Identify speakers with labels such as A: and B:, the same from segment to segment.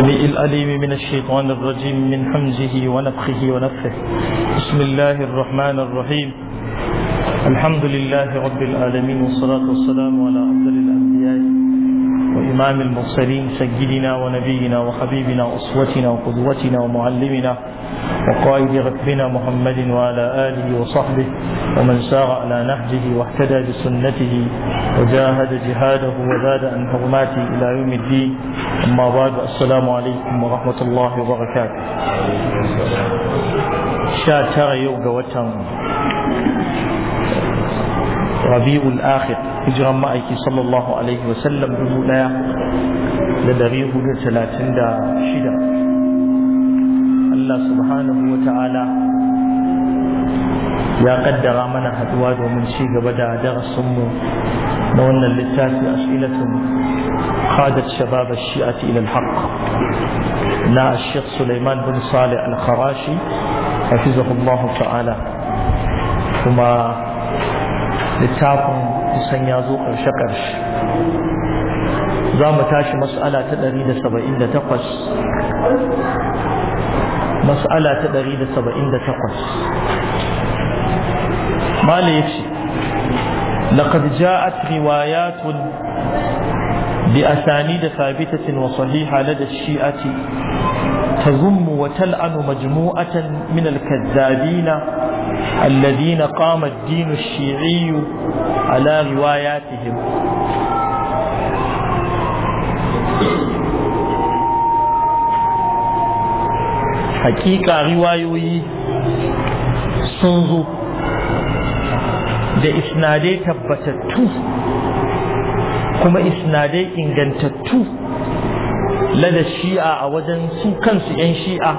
A: الأليم من الشيطان الرجيم من حمزه ونفخه ونفخه بسم الله الرحمن الرحيم الحمد لله رب العالمين والصلاة والسلام على وإمام المرسلين سيدنا ونبينا وحبيبنا أسوتنا وقدوتنا ومعلمنا وقائد ركبنا محمد وعلى آله وصحبه ومن سار على نهجه واهتدى بسنته وجاهد جهاده وزاد عن حرماته إلى يوم الدين أما بعد السلام عليكم ورحمة الله وبركاته شاتر يوغا يوم rabi'ul akhir hijiran ma'aiki sallallahu alaihi wa sallam dubu daya da dari hudu talatin da shida Allah subhanahu wa ta'ala ya kaddara mana haduwa domin ci gaba da darasinmu na wannan littafi as'ilatun qadat shabab ash-shi'ati ila al na ash Sulaiman bin Salih al-Kharashi hafizahullah ta'ala kuma littafin kusan ya zo ƙarshe-ƙarshe za mu tashi matsala ta 178 matsala ta 178 ma ne ce laƙar ja'at riwayatun bi a sani da sabitacin wasu halar da shi'ati ta zummu wa tal'anu majmu'atan min al na. الذين قام الدين الشيعي على رواياتهم حقيقة روايوي سنزو da isnadai tabbatattu kuma isnadai ingantattu lada shi'a a wajen su kansu 'yan shi'a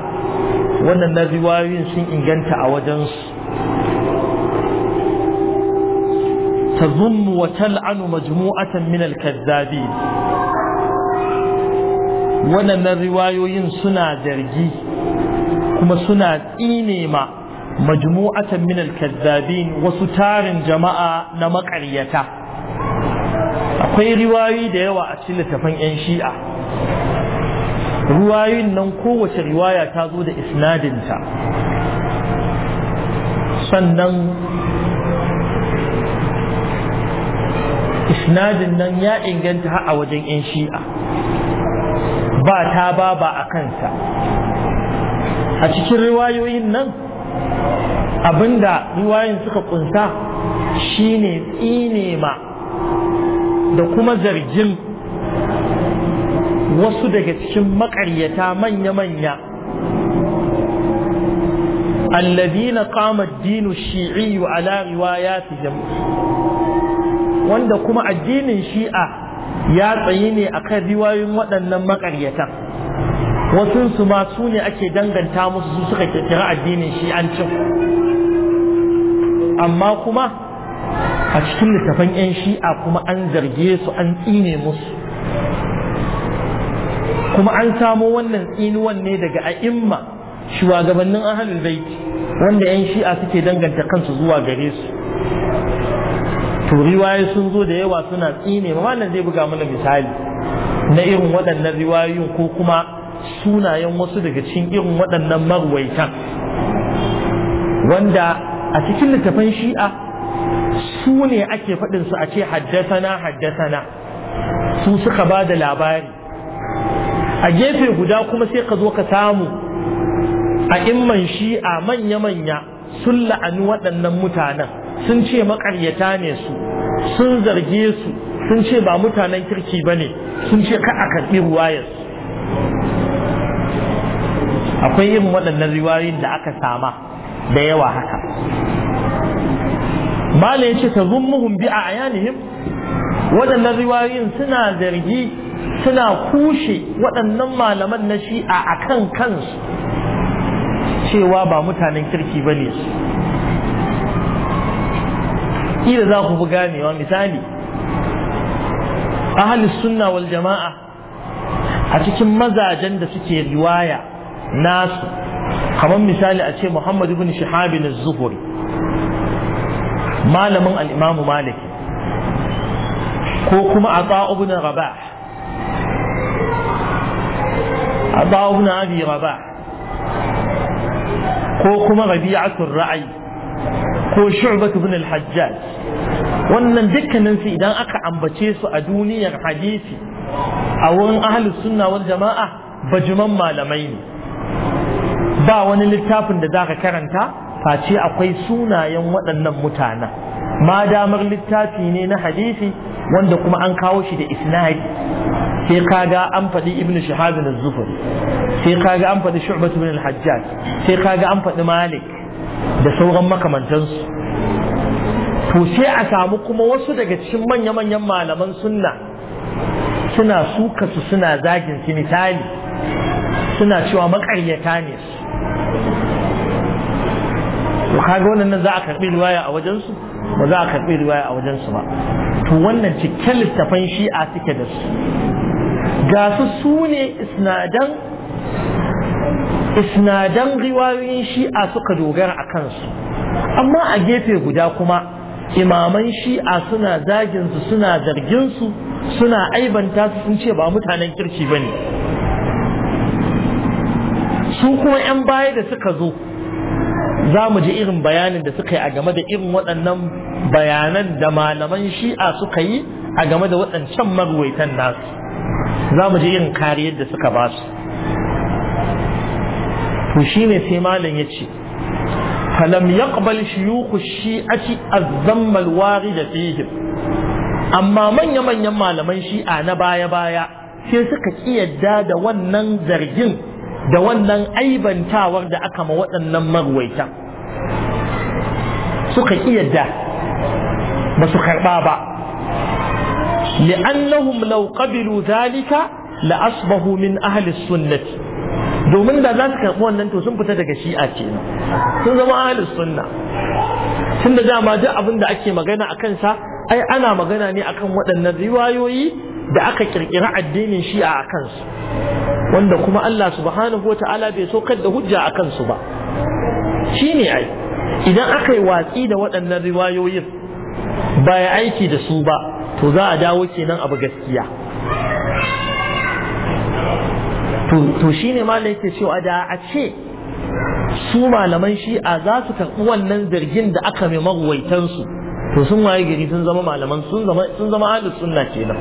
A: wannan na riwayoyin sun inganta a su. تضم وتلعن مجموعة من الكذابين ونن الروايين سنا درجي كما سنا إينيما مجموعة من الكذابين وستار جماعة نمق عريتا أقوي رواي ديوة أتلة فن إنشيئة ruwayoyin nan kowace riwaya ta zo da isnadinta sannan isnadin nan ya inganta har a wajen 'yan shi'a ba ta ba ba a kansa a cikin riwayoyin nan abinda riwayoyin suka kunsa shine tsine ma da kuma zargin wasu daga cikin makaryata manya-manya الذين قام الدين ya fi رواياتهم wanda kuma addinin shi'a ya tsayi ne a akan riwayoyin waɗannan makaryata, wasunsu ma su ne ake danganta musu su suka kirkira addinin shi'ancin amma kuma a cikin littafan 'yan shi'a kuma an zarge su an tsine musu kuma an samo wannan tsinuwan ne daga a'imma shugabannin ahalul baiti wanda 'yan shi'a suke danganta kansu zuwa gare su to riwaye sun zo da yawa suna tsine ma wannan zai buga mana misali na irin waɗannan riwayoyin ko kuma sunayen wasu daga cikin irin waɗannan marwaitan wanda a cikin littafan shi'a su ne ake faɗin su a ce haddasana haddasana su suka ba da labari a gefe guda kuma sai ka zo ka samu a imman shi'a manya-manya sun la'ani waɗannan mutanen sun ce makaryata ne su sun zarge su sun ce ba mutanen kirki ba ne sun ce ka a karɓi su. akwai irin waɗannan riwayoyin da aka sama da yawa haka mala ce ta zummuhum bi ayanihim waɗannan riwayoyin suna zargi suna kushe waɗannan malaman na shi'a akan kansu cewa ba mutanen kirki bane su kila za ku fi ganewa misali ahalus sunna wal jama'a a cikin mazajen da suke riwaya nasu kamar misali a ce muhammad ibn shihabin zuhri malamin al al'imamu malik ko kuma a ibn rabah a ibn abi rabah ko kuma rabi'atul ra'i ko shu'batu ibn al-hajjaj wannan dukkanin su idan aka ambace su a duniyar hadisi a wurin ahli sunna wal jama'a bajiman malamai ne ba wani littafin da zaka karanta face akwai sunayen waɗannan mutanen ma damar littafi ne na hadisi wanda kuma an kawo shi da isnadi sai kaga an faɗi ibnu shahab al-zufri sai kaga an faɗi shu'batu ibn al-hajjaj sai kaga an faɗi malik da sauran makamantansu to sai a samu kuma wasu daga cikin manya-manyan malaman sunna suna suka su suna zagin su misali suna cewa makaryata ne su kaga wannan za a karbi riwaya a wajensu ba za a karbi riwaya a wajensu ba to wannan cikin littafan shi'a suke da su ga su su ne isnadan isnadan riwayoyin shi'a suka dogara a kansu amma a gefe guda kuma imaman shi'a suna zaginsu suna zarginsu suna aibanta su sun ce ba mutanen kirki ba ne su kuma 'yan baya da suka zo za mu ji irin bayanin da suka yi a game da irin waɗannan bayanan da malaman shi'a suka yi a game da waɗancan marwaitan nasu za mu ji irin kariyar da suka ba su to shine sai malam yace falam yaqbal shi a ci zamma al da fihim amma manya manyan malaman shi'a na baya baya sai suka kiyarda da wannan zargin da wannan aibantawar da aka ma waɗannan marwaita suka kiyarda ba su karɓa ba li'annahum law qabilu zalika la asbahu min ahli sunnati domin da za su karɓi wannan to sun fita daga shi'a ce sun zama halis sunna tun da dama duk abin da ake magana a kansa ai ana magana ne akan waɗannan riwayoyi da aka ƙirƙira addinin shi'a a kansu wanda kuma Allah subhanahu wa ta'ala bai saukar da hujja a kansu ba shi ne ai idan aka yi watsi da waɗannan riwayoyin ba ya aiki da su ba to za a dawo kenan abu gaskiya to shine ma yake cewa da a ce su malaman shi'a za su karɓi wannan zargin da aka mai magwaitansu to sun waye gari sun zama malaman sun zama sun zama ahlus sunna kenan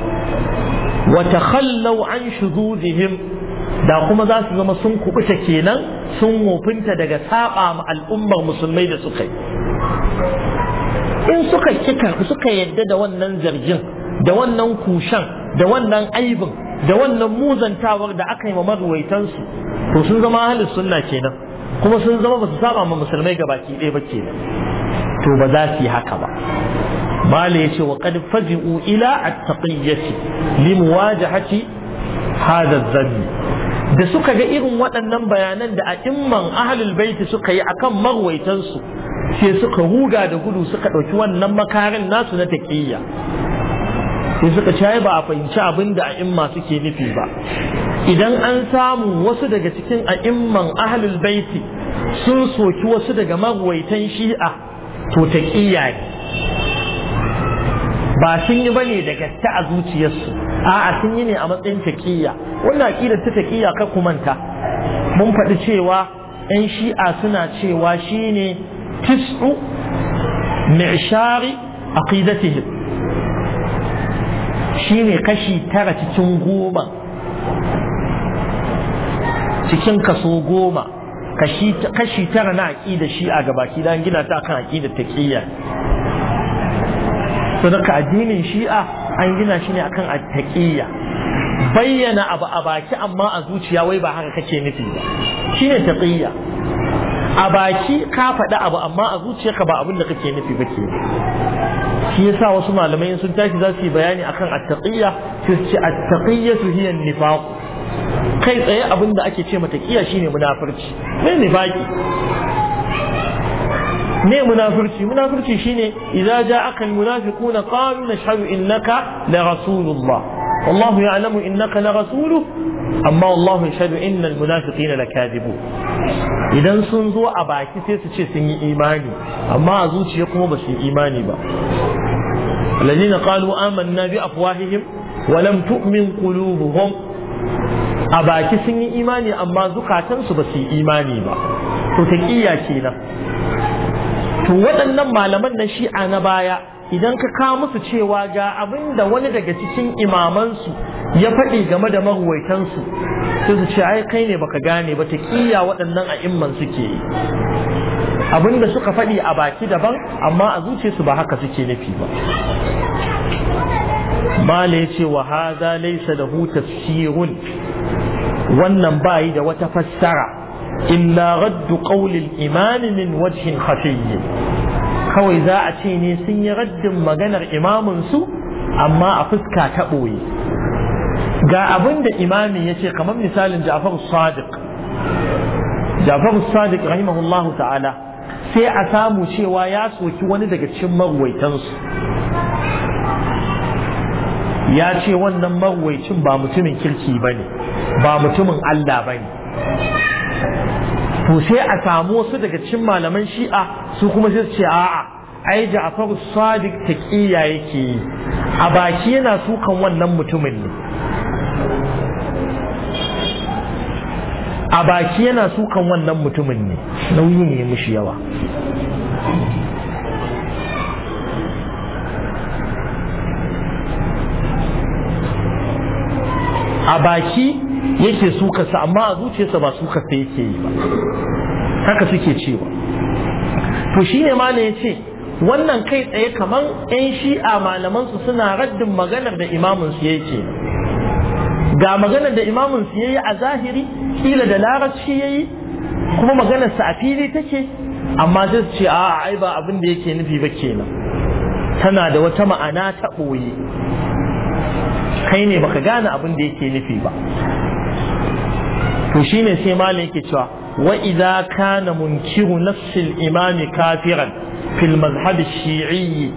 A: wa takhallaw an shududihim da kuma za su zama sun kubuta kenan sun wofinta daga saba ma al'ummar musulmai da suka yi in suka kika suka yadda da wannan zargin da wannan kushan da wannan aibin da wannan muzantawar da aka yi ma maruwaitansu to sun zama ahlus sunna kenan kuma sun zama ba su saba ma musulmai gabaki ɗaya ba kenan to ba za su yi haka ba mala yace wa qad faji'u ila at-taqiyyati li muwajahati hadha adh da suka ga irin waɗannan bayanan da a'imman ahlul baiti suka yi akan marwaitansu sai suka huga da gudu suka ɗauki wannan makarin nasu na taƙiyya sai suka ci ba a fahimci abin da a'imma suke nufi ba idan an samu wasu daga cikin a'imman ahlul baiti sun soki wasu daga magwaitan shi'a
B: to ta ne
A: ba sun yi bane daga ta a zuciyarsu a'a sun yi ne a matsayin taqiyya wannan aqidar ta taqiyya ka manta mun faɗi cewa 'yan shi'a suna cewa shine tis'u mi'shari aqidatihim shi ne kashi tara cikin goma cikin kaso goma kashi tara na aƙida shi a gabaki don gina ta kan aƙida ta ƙiyya daga addinin shi'a an gina shi ne akan attaƙiyya bayyana abu a baki amma a zuciya wai ba haka kake nufi ba ne taqiyya a baki ka faɗi abu amma a zuciyarka ba abin da kake nufi ba ke shi yasa wasu malamai sun tashi za su yi bayani akan attaqiyya su ce su hiya nifaq kai tsaye abin da ake ce mata kiya shine munafurci me nifaqi ne munafurci munafurci shine idza ja'aka almunafiquna qalu nashhadu innaka la rasulullah ya'lamu innaka na لرسوله amma Allah shaɗu innal munafiqin lakadibu idan sun zo a baki sai su ce sun yi imani amma a zuciya kuma ba su yi imani ba alladhina qalu amanna bi afwahihim wa lam tu'min qulubuhum a baki sun yi imani amma zukatansu ba su yi imani ba to kenan to waɗannan malaman na shi'a na baya idan ka kawo musu cewa ga abin da wani daga cikin imamansu ya faɗi game da maruwaitansu sai su ce ai kai ne baka gane ba ta kiya waɗannan a'imman suke yi abinda suka faɗi a baki daban amma a zuciyarsu ba haka suke nufi ba mala ya ce wa haza laisa da huta tafsirun wannan bayi da wata fassara illa raddu qawlil imani min wajhin khafiyyin kawai za a ce ne sun yi raddin maganar imamin su amma a fuska ta ɓoye ga abin da imamin ya ce kamar misalin ja'far sadiq ja'far sadiq rahimahullahu ta'ala sai a samu cewa ya soki wani daga cikin marwaitansu ya ce wannan marwaicin ba mutumin kirki ba ne ba mutumin allah ba ne to sai a samu wasu daga cikin malaman shi'a su kuma sai su ce a'a ai Jafaru sadiq taqiya yake a baki yana sukan wannan mutumin ne a baki yana sukan wannan mutumin ne nauyi ne mishi yawa a baki yake sukarsa amma a zuciyarsa ba sukarsa yake yi ba haka suke cewa to shi ne ma ne ya ce wannan kai tsaye kamar 'yan shi'a malamansu suna raddin maganar da imaminsu yake ga maganar da imaminsu ya yi a zahiri kila da larabci yayi kuma maganar sa a fili take amma sai ce a ai ba abin da yake nufi ba kenan tana da wata ma'ana ta ɓoye. kai ne baka gane abin da yake nufi ba to shine sai malam yake cewa wa idza kana munkiru nafsil imami kafiran fil mazhab shi'i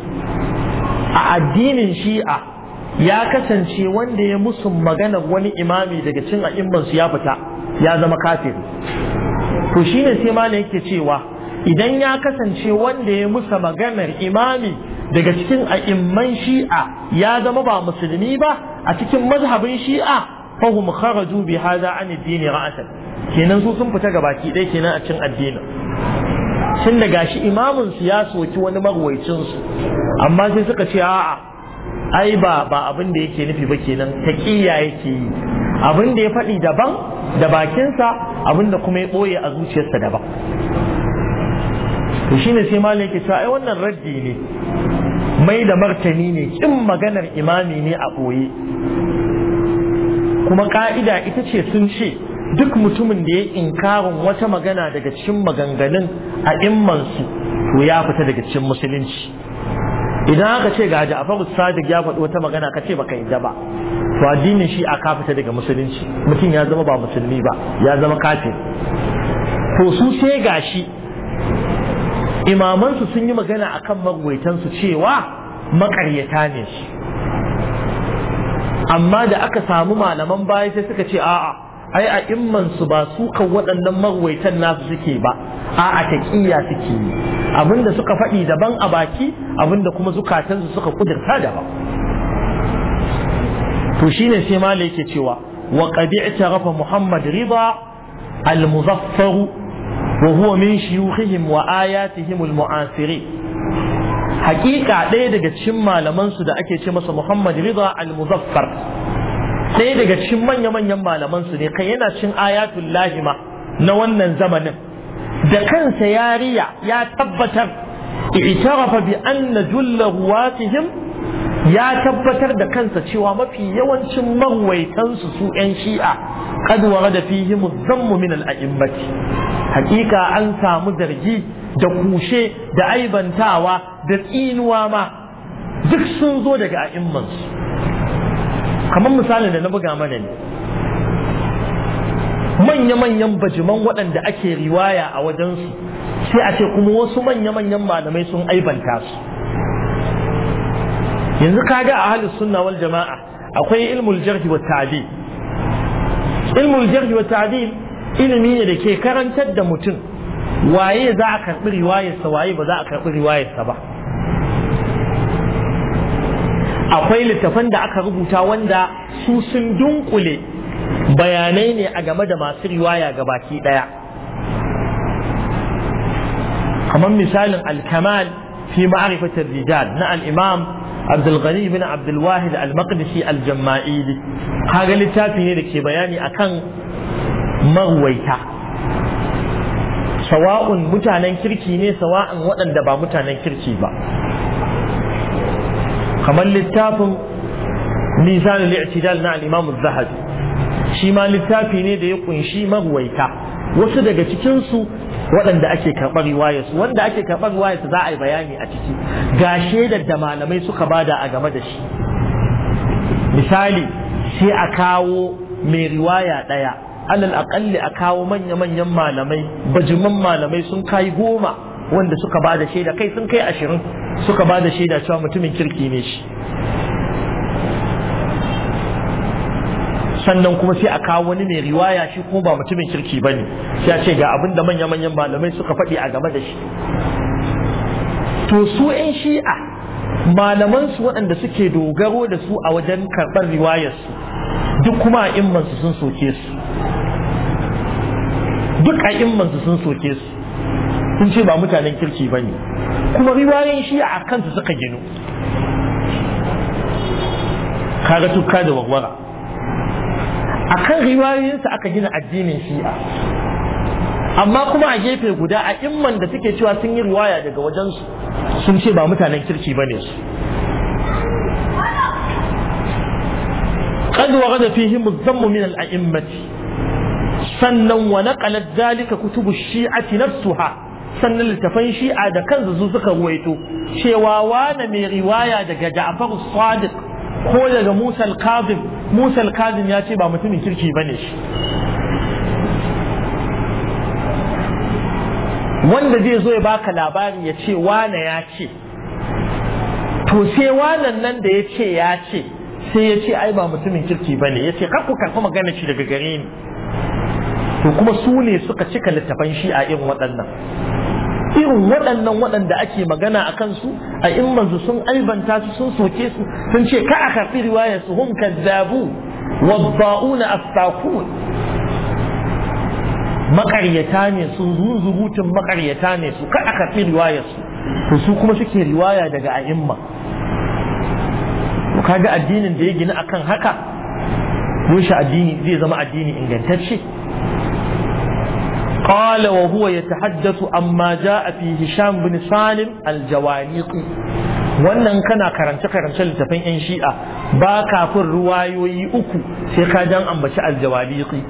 A: a addinin shi'a ya kasance wanda ya musu maganar wani imami daga cin a'immansu ya fita ya zama kafiri to shine sai ma ne yake cewa idan ya kasance wanda ya musa maganar imami daga cikin a'imman shi'a ya zama ba musulmi ba a cikin mazhabin shi'a hum kharaju bi hadha an ad-din ra'atan kenan su sun fita ki ɗaya kenan a cikin addinin tun da gashi imamin su ya soki wani magwaicin su amma sai suka ce a'a ai ba ba abin da yake nufi ba kenan taqiyya yake yi abin da ya faɗi daban da bakinsa abin da kuma ya ɓoye a zuciyarsa daban to shine sai malam yake cewa ai wannan raddi ne mai da martani ne kin maganar imami ne a ɓoye kuma ƙa'ida ita ce sun ce duk mutumin da ya inkarin wata magana daga cikin maganganun a immansu to ya fita daga cikin musulunci idan aka ce ga Ja'faru Sadiq ya faɗi wata magana ka ce baka yadda ba to addinin shi a fita daga musulunci mutum ya zama ba musulmi ba ya zama kafin to su sai gashi imamansu sun yi magana akan magwaitansu cewa makaryata ne shi amma da aka samu malaman baya sai suka ce a'a ai a imman su ba su kan waɗannan magwaitan nasu suke ba a a kiya suke yi abinda suka faɗi daban a baki abinda kuma su suka kudurta daban to shine sai mala yake cewa wa qad rafa muhammad riba al-muzaffar wa huwa min shuyukhihim wa ayatihim al-mu'asirin haƙiƙa ɗaya daga cikin malamansu da ake ce masa muhammad riba al Sai daga cikin manya-manyan malamansu ne kai yana cin ayatul lahima na wannan zamanin da kansa yariya ya tabbatar i'tarafa bi anna julla ruwatihim ya tabbatar da kansa cewa mafi yawancin marwaitan su su yan shi'a qad warada fihim dhammu min al-a'immati hakika an samu zargi da kushe da aibantawa da tsinuwa ma duk sun zo daga a'immansu kamar misalin da na buga mana ne manya-manyan bajiman waɗanda ake riwaya a wajensu sai a ce kuma wasu manya-manyan malamai sun aibanta su yanzu kaga a halin sunna wal jama'a akwai ilmul jarhi wa ta'dil ilmul jarhi wa ta'dil ilimi ne da ke karantar da mutum waye za a karɓi riwayarsa waye ba za a karɓi riwayarsa ba akwai littafan da aka rubuta wanda su sun dunkule bayanai ne a game da masu riwaya ga baki ɗaya kamar misalin alkamal fi ma'arifatar rijal na al'imam abdulghani bin abdulwahid al-maqdisi al-jamma'ili kaga littafi ne da ke bayani akan marwaita sawa'un mutanen kirki ne sawa'un waɗanda ba mutanen kirki ba kamar littafin nisan al na al-imam shima shi ma littafi ne da ya kunshi mabuwaita wasu daga cikinsu waɗanda ake karɓar riwayar wanda ake karɓar riwayar za a yi bayani a ciki ga shaidar da malamai suka bada a game da shi misali sai a kawo mai riwaya ɗaya alal aƙalli a kawo manya-manyan malamai bajiman malamai sun kai goma wanda suka ba da shaida kai sun kai ashirin suka ba da shaida cewa mutumin kirki ne shi sannan kuma sai a kawo wani mai riwaya shi kuma ba mutumin kirki ba ne sai ce ga abin da manya-manyan malamai suka faɗi a game da shi to su 'yan shi'a malamansu waɗanda suke dogaro da su a wajen karɓar riwayarsu duk kuma a sun soke su duk a immansu sun soke su sun ce ba mutanen kirki ba ne kuma riwayoyin shi a kansu suka ginu kaga tukka da wagwara a kan riwayoyinsa aka gina addinin shi'a amma kuma a gefe guda a imman da suke cewa sun yi riwaya daga wajensu sun ce ba mutanen kirki ba ne su قد ورد فيهم الذم من الأئمة سنا ونقلت ذلك كتب الشيعة نفسها sannan littafan shi'a da kansu su suka ruwaito cewa wane mai riwaya daga Ja'far Sadiq ko daga Musa al-Kazim Musa al-Kazim ya ce ba mutumin kirki bane shi wanda zai zo ya baka labari ya ce wane ya ce to sai wanan nan da ya ce ya ce sai ya ce ai ba mutumin kirki bane ya ce kar ku karɓi magana shi daga gare ni to kuma su ne suka cika littafan shi a irin waɗannan irin waɗannan waɗanda ake magana a kansu a manzu sun albanta su sun soke su sun ce ka a karfi riwayar su hun kazzabu a astakun makaryata ne su zuzurutun makaryata ne su ka a karfi riwayar su su kuma suke riwaya daga a'imma kaga addinin da ya gina akan haka yaushe addini zai zama addini ingantacce قال وهو يتحدث amma جاء في هشام بن سالم الجوانيقي wannan kana karance-karance littafin 'yan shi'a ba kafin ruwayoyi uku sai ka jan ambaci aljawaliki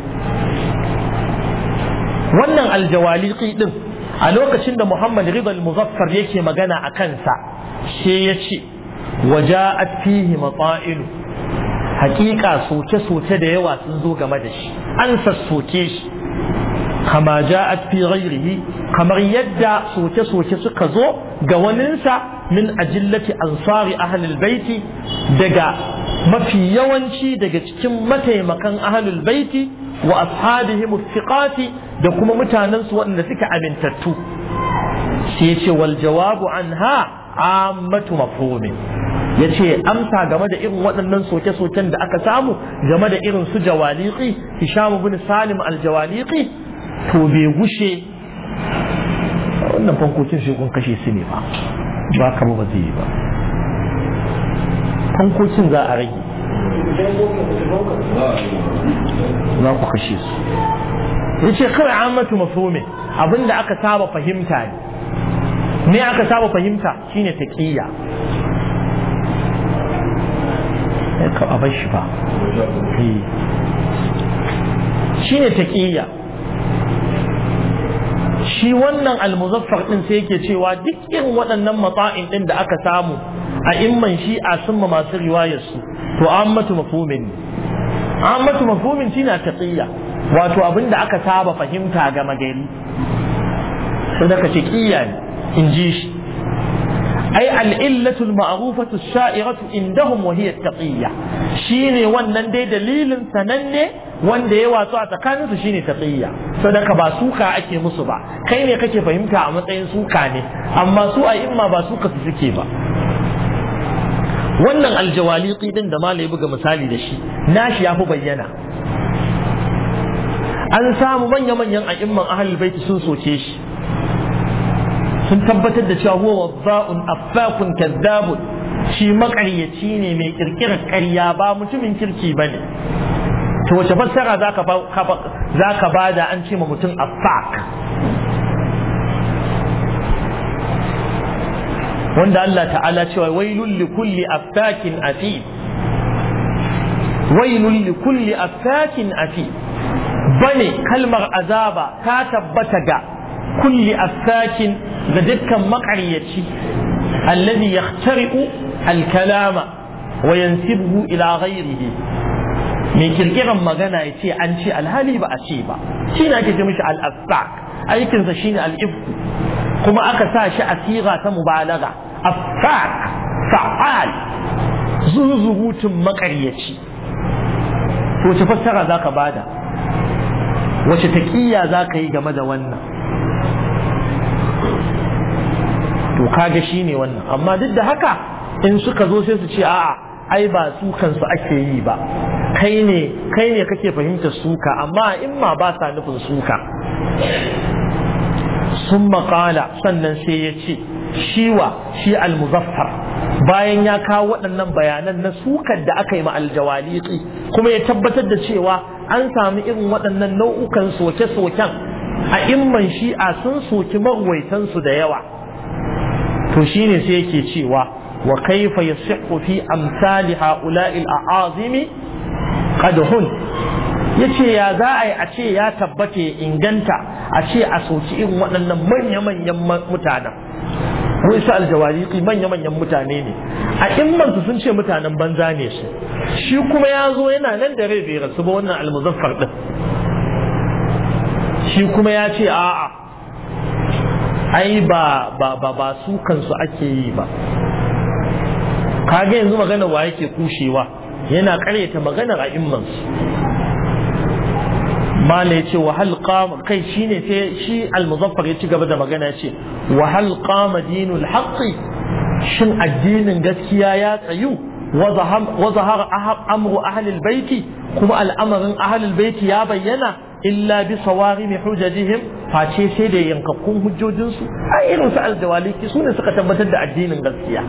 A: wannan aljawaliki din a lokacin da muhammad ribal muzaffar yake magana a kansa shi ya ce waja'at fihi matsa'ilu hakika soke-soke da yawa sun zo game da shi an sassoke shi kama ja'at fi ghairihi kamar yadda soke-soke suka zo ga waninsa min ajillati ansari ahlul baiti daga mafi yawanci daga cikin mataimakan ahlul baiti wa ashabihim thiqati da kuma mutanen su waɗanda suke amintattu sai yace wal jawabu anha ammatu mafhumin ya ce amsa game da irin waɗannan soke-soken da aka samu game da irin su jawaliki hisham bin salim al to bai gushe wannan fankocin sai kun kashe su ne ba ba ka ba zai yi ba fankocin za a rage za ku kashe su ya ce kawai amatu mafome abinda aka saba fahimta ne me aka saba fahimta shine taqiyya ka abar shi ba eh. shine kiyya shi wannan almuzaffar ɗin sai yake cewa duk irin waɗannan matsa'in ɗin da aka samu a imman shi a ma masu riwayar su to ammatu mafhumin ammatu mafhumin shi na taqiyya wato abin da aka saba fahimta ga magani sai da ka ce ne in ji shi ai al'illatul ma'rufatu sha'iratu indahum wa hiya taqiyya shine wannan dai dalilin sananne wanda ya wasu a tsakaninsu shine taqiyya sadaka ba suka ake musu ba kai ne kake fahimta a matsayin suka ne amma su a imma ba suka suke ba wannan aljawaliqi din da malai buga misali da shi nashi yafi bayyana an samu manya-manyan a'imman ahlul baiti sun soke shi sun tabbatar da cewa huwa wazza'un affakun kazzabun shi makaryaci ne mai kirkirar ƙarya ba mutumin kirki bane to wace fassara zaka zaka bada an ce ma mutum affak wanda Allah ta'ala cewa wailul li kulli affakin afi wailul li kulli affakin afi bane kalmar azaba ta tabbata ga كل أفاك بدك مقرية الذي يخترق الكلام وينسبه إلى غيره من كل إغم مغانا يتي أنتي الهالي بأسيبا شين أكي تمشي على الأفاك أي كنت شين الإفك كما أكا ساشي أسيغة مبالغة أفاك فعال زوزوت مقعية وتفسر ذاك بعد وتتكيا ذاك يجمد ونه to kaga shine wannan amma duk da haka in suka zo sai su ce a'a ai ba sukan ake yi ba kai ne kai ne kake fahimtar suka amma in ma ba sa nufin suka sun maƙala sannan sai ya ce shiwa shi almuzaffar bayan ya kawo waɗannan bayanan na sukar da aka yi ma aljawaliki kuma ya tabbatar da cewa an sami irin waɗannan nau'ukan soke-soken a imman shi'a sun soki maruwaitansu da yawa to shine sai yake cewa wa kaifa yasihhu fi amsali haula'il a'azimi qadhun yace ya za a yi a ce ya tabbata ya inganta a ce a soci irin waɗannan manya-manyan mutanen mun sa aljawariƙi manya-manyan mutane ne a immansu sun ce mutanen banza ne su shi kuma ya zo yana nan da rai bai rasu ba wannan almuzaffar ɗin shi kuma ya ce a'a ai ba ba ba ba su kansu ake yi ba kage yanzu magana wa yake kushewa yana karyata maganar a su mala yace wa hal qama kai shine sai shi al-muzaffar ya ci gaba da magana ce, wa hal qama dinul haqqi shin addinin gaskiya ya tsayu wa zahara amru ahlil baiti kuma al'amarin ahlil baiti ya bayyana illa bi sawarimi hujajihim face sai da yankakkun hujjojinsu a irin su aljawaliki su ne suka tabbatar da addinin gaskiya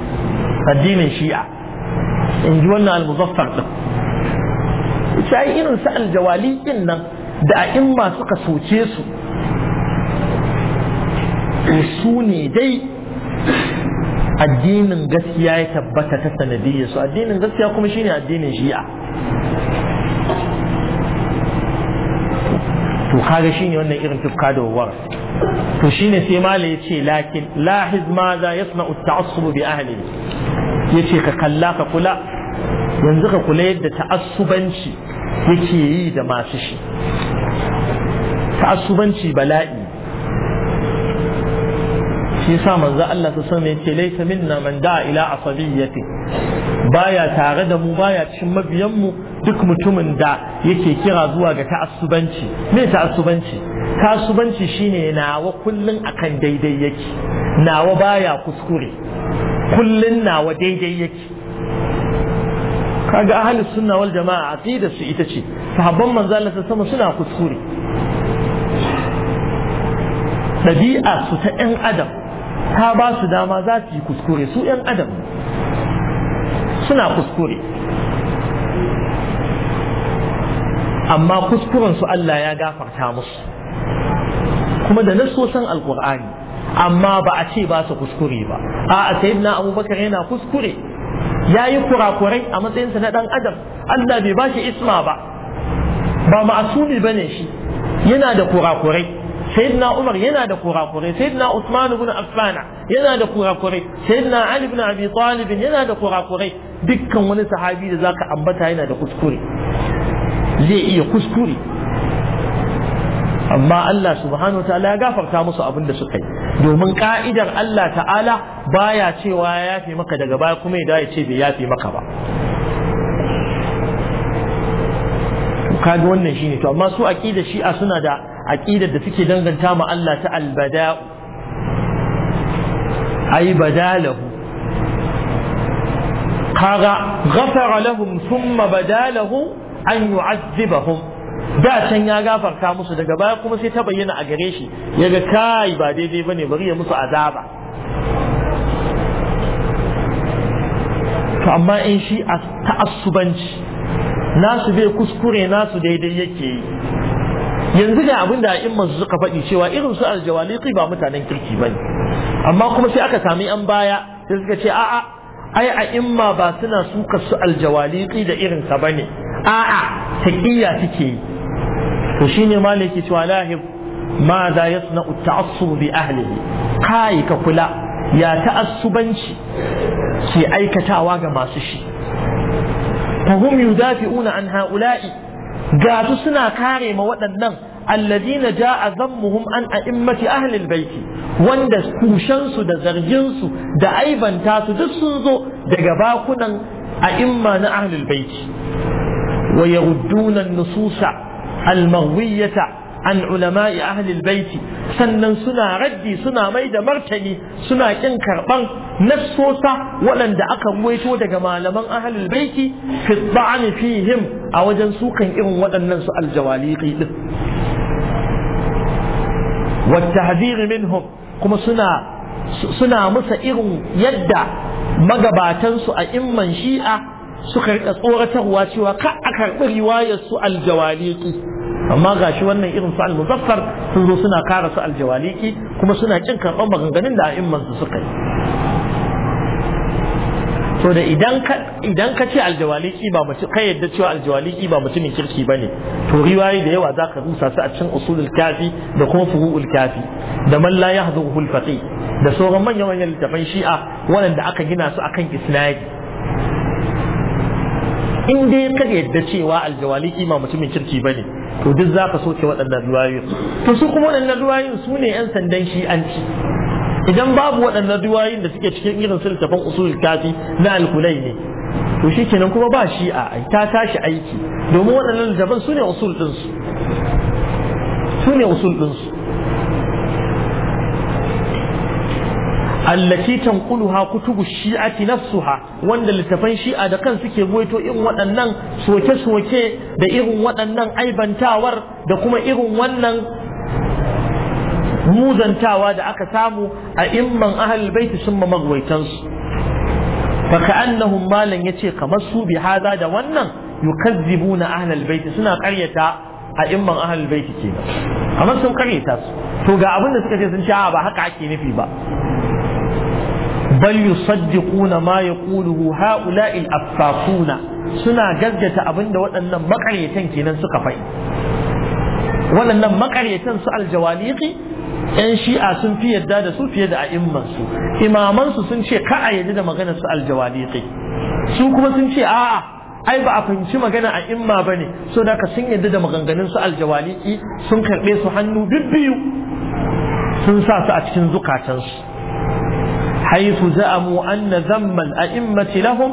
A: addinin shi'a in ji wannan almuzaffar din sai irin su aljawalikin nan da a in ma suka soce su su ne dai addinin gaskiya ya tabbata ta sanadiyyar su addinin gaskiya kuma shine addinin shi'a to kaga shine wannan irin tufka da wawar to shine sai mala ce lakin lahiz ma za yasna'u ta'assub bi ahli ce ka kalla ka kula yanzu ka kula yadda ta'assubanci yake yi da masu shi ta'assubanci bala'i shi sa manzo Allah ta sani yace laysa minna man da'a ila asabiyyati baya tare da mu baya cikin mabiyan mu duk mutumin da yake kira zuwa ga ta'assubanci me ta'assubanci ta'assubanci shine nawa kullun akan daidai yake nawa baya kuskure kullun nawa daidai yake kaga ahli sunna wal jama'a aqida su ita ce sahabban manzo Allah sama suna kuskure dabi'a su ta yan adam ta ba su dama za su yi kuskure su yan adam suna kuskure amma kuskuren su Allah ya gafarta musu kuma da na san alkur'ani amma ba a ce ba su kuskure ba a'a sayyidina abubakar yana kuskure ya yi kurakurai a matsayinsa na dan adam Allah bai ba shi isma ba ba ma'asumi ne shi yana da kurakurai sayyidina Umar yana da kurakurai sayyidina Usman ibn Affan yana da kurakurai sayyidina Ali ibn Abi Talib yana da kurakurai dukkan wani sahabi da zaka ambata yana da kuskure zai iya kuskure amma Allah subhanahu ta'ala ya gafarta musu abin da suka yi domin ka'idar Allah ta'ala baya cewa ya yafe maka daga baya kuma ya ce bai yafe maka ba kaga wannan shine to amma su aqida shi'a suna da aqidar da suke danganta ma Allah ta albada'u ay badalahu kaga ghafara lahum thumma badalahu an yu'azzibahum da can ya gafarta musu daga baya kuma sai ta bayyana a gare shi yaga kai ba daidai bane bari ya musu azaba to amma in shi a ta'assubanci nasu bai kuskure nasu daidai yake yi yanzu ga abin da in masu suka faɗi cewa irin su aljawaliki ba mutanen kirki bane amma kuma sai aka sami an baya sai suka ce a'a ai a imma ba suna suka su aljawaliki da irinsa ne. a'a taqiyya suke yi to shine malaki cewa lahib ma za yasna ta'assub bi ahlihi kai ka kula ya ta'assubanci ke aikatawa ga masu shi fahum yudafi'una an ha'ula'i ga su suna kare ma waɗannan alladina ja'a zammuhum an a'immati ahli albayti wanda kushensu da zarginsu su da aibanta su duk sun zo daga bakunan a'imma na ahli albayti ويردون النصوص المغوية عن علماء أهل البيت sannan suna raddi suna mai da martani suna kin karban nassosa waɗanda aka ruwaito daga malaman ahlul baiti fi fihim a wajen sukan irin waɗannan su aljawali din wa minhum kuma suna suna musa irin yadda magabatansu a imman shi'a suka rika tsoratarwa cewa ka a karɓi riwayar su aljawaliki amma ga shi wannan irin su almuzaffar sun zo suna kara su aljawaliki kuma suna kin karɓar maganganun da a'imman su suka yi to da idan ka ce aljawaliki ba mutum kai yadda cewa aljawaliki ba mutumin kirki ba ne. to riwaye da yawa zaka rusa su a cikin usulul kafi da kuma furu'ul kafi da man la yahdhuhu al da sauran manyan manyan littafan shi'a waɗanda aka gina su akan isnadi in dai ka yadda cewa aljawali kima mutumin kirki bane to duk za ka soke waɗannan ruwayoyin to su kuma waɗannan ruwayoyin su ne 'yan sandan shi'anci idan babu waɗannan ruwayoyin da suke cikin irin su fan usul kafi na alkulai ne to shi kenan kuma ba shi ai ta tashi aiki domin waɗannan littafin su ne usul ɗinsu su ne usul ɗinsu allati tanquluha kutubu shi'ati nafsuha wanda littafan shi'a da kan suke goyito irin waɗannan soke-soke da irin waɗannan aibantawar da kuma irin wannan muzantawa da aka samu a imman ahal baiti sun ma magwaitansu faka annahum malan yace kamar su bi hada da wannan yukazzibuna ahlal baiti suna karyata a imman ahlal baiti kenan kamar sun karyata su to ga abin da suka ce sun ce ba haka ake nufi ba bal yusaddiquna ma yaquluhu ha'ula'il suna gaggata abinda waɗannan makaryatan kenan suka faɗi waɗannan makaryatan su aljawaliki yan shi'a sun fi yadda da su fiye da a'immansu imamansu sun ce ka yadda da maganar su aljawaliki su kuma sun ce a'a ai ba a fahimci magana a'imma ba ne so da sun yadda da maganganun su aljawaliki sun karɓe su hannu biyu sun sa su a cikin zukatansu حيث زعموا أن ذم الأئمة لهم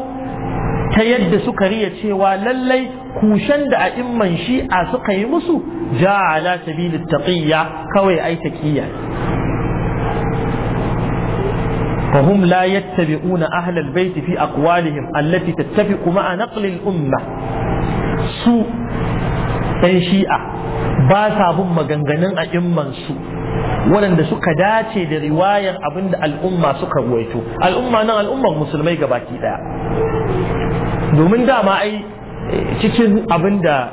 A: تيد سكرية شوى للي كوشن دا أئمة شيعة سقي مسو جاء على سبيل التقية كوي أي تكية فهم لا يتبعون أهل البيت في أقوالهم التي تتفق مع نقل الأمة سوء أي شيعة ba sa bin maganganun a immansu waɗanda suka dace da riwayar abin da al'umma suka ruwaito al'umma nan al'ummar musulmai gabaki ɗaya domin dama ai cikin abinda da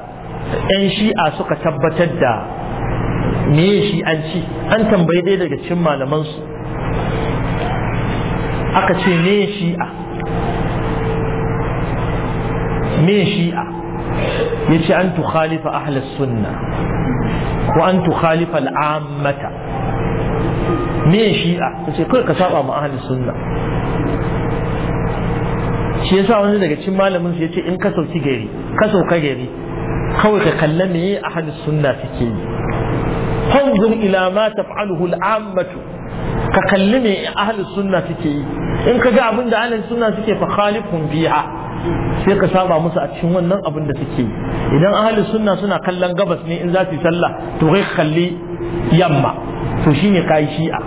A: 'yan shi'a suka tabbatar da me shi an ci an tambayi ɗaya daga cikin malamansu aka ce me shi'a me shi'a ya ce an khalifa ahlas sunna ko an khalifa al'ammata me shi'a ta ce kawai ka saba ma ahli sunna shi yasa wani daga cikin malamin su yace in ka sauki gari ka sauka gari kawai ka kalla me ahli sunna suke yi fanzur ila ma taf'aluhu al'ammatu ka kalli me ahli sunna suke yi in ka ga abin da ahli sunna suke fa khalifun biha sai ka saba musu a cikin wannan abin da suke yi idan ahli sunna suna kallon gabas ne in za su yi sallah to kai kalli yamma to shine kai shi'a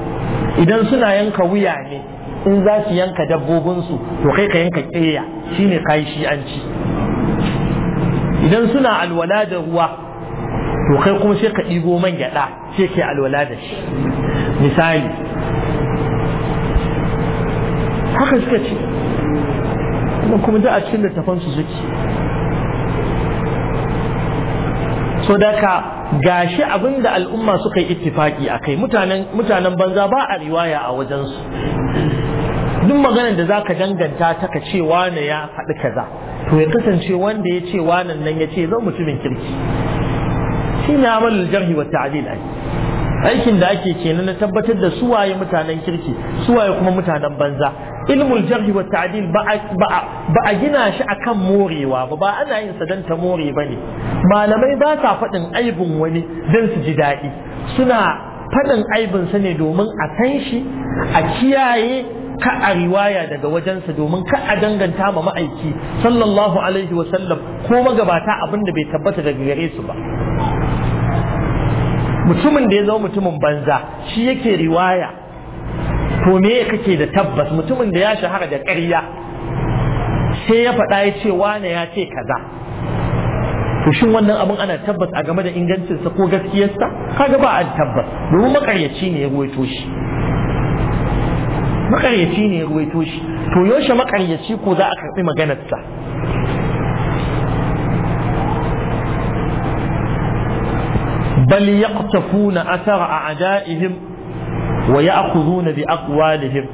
A: idan suna yanka wuya ne in za su yanka dabbobinsu to kai ka yanka ƙeya shine kai shi'anci idan suna alwala da ruwa to kai kuma sai ka ɗigo man gyaɗa sai ke alwala da shi misali haka suka ce kuma da a cikin littafansu suke so da ka gashi abinda al'umma suka yi ittifaki akai mutanen mutanen banza ba a riwaya a wajensu. duk maganar da zaka danganta ta ka ce wane ya faɗi kaza to ya kasance wanda ya ce wanan nan ya ce zan mutumin kirki shi ne amalul jarhi wa ta'dil ai aikin da ake kenan na tabbatar da suwaye mutanen kirki suwaye kuma mutanen banza ilmul jarhi wa ta'dil ba a gina shi akan morewa ba ba ana yin sa dan ta more ba ne. malamai ba sa faɗin aibin wani dan su ji daɗi suna faɗin aibin sa ne domin a san shi a kiyaye ka a riwaya daga wajensa domin ka a danganta ma ma'aiki sallallahu alaihi wa sallam ko magabata abin da bai tabbata daga gare su ba mutumin da ya zama mutumin banza shi yake riwaya to me kake da tabbas mutumin da ya shahara da ƙarya sai ya faɗa ya ce wane ya ce kaza to shin wannan abin ana tabbas a game da ingancinsa ko gaskiyarsa kaga ba a tabbas domin makaryaci ne ya ruwaito shi makaryaci ne ya ruwaito shi to yaushe makaryaci ko za a karɓi maganarsa bal asara a a'da'ihim wa ya'khuduna bi aqwalihim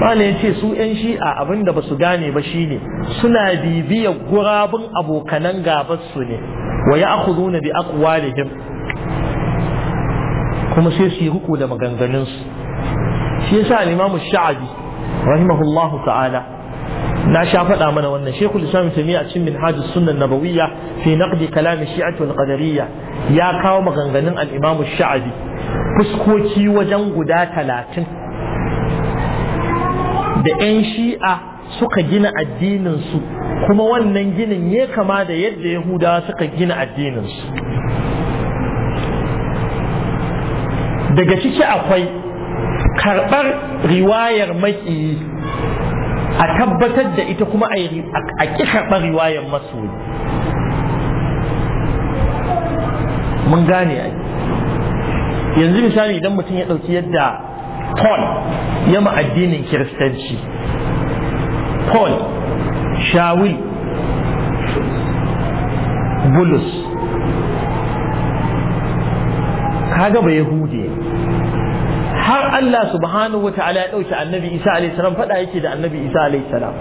A: Malam ya ce su 'yan shi'a abinda ba su gane ba shine suna bibiyar gurabun abokanan su ne wa ya akhuduna bi aqwalihim kuma sai su yi riko da maganganunsu shi yasa al Sha'abi rahimahullahu ta'ala na sha faɗa mana wannan Sheikhul Islam Taymiyyah a cikin Minhajus sunan Nabawiyya fi naqdi kalam Shi'ati Qadariyya ya kawo maganganun al-Imam Sha'abi fuskoki wajen guda talatin da 'yan shi'a suka gina addininsu kuma wannan ginin ya kama da yadda yahudawa suka gina addininsu daga ciki akwai karɓar riwayar maƙiyi a tabbatar da ita kuma a ƙi karɓar riwayar masoyi mun gane ai yanzu misali idan mutum ya ɗauki yadda paul ya ma addinin kiristanci paul shawil bulus kaga ba yahudi har Allah subhanahu wa ta'ala ya ɗauki annabi isa alaihi salam faɗa yake da annabi isa alaihi salam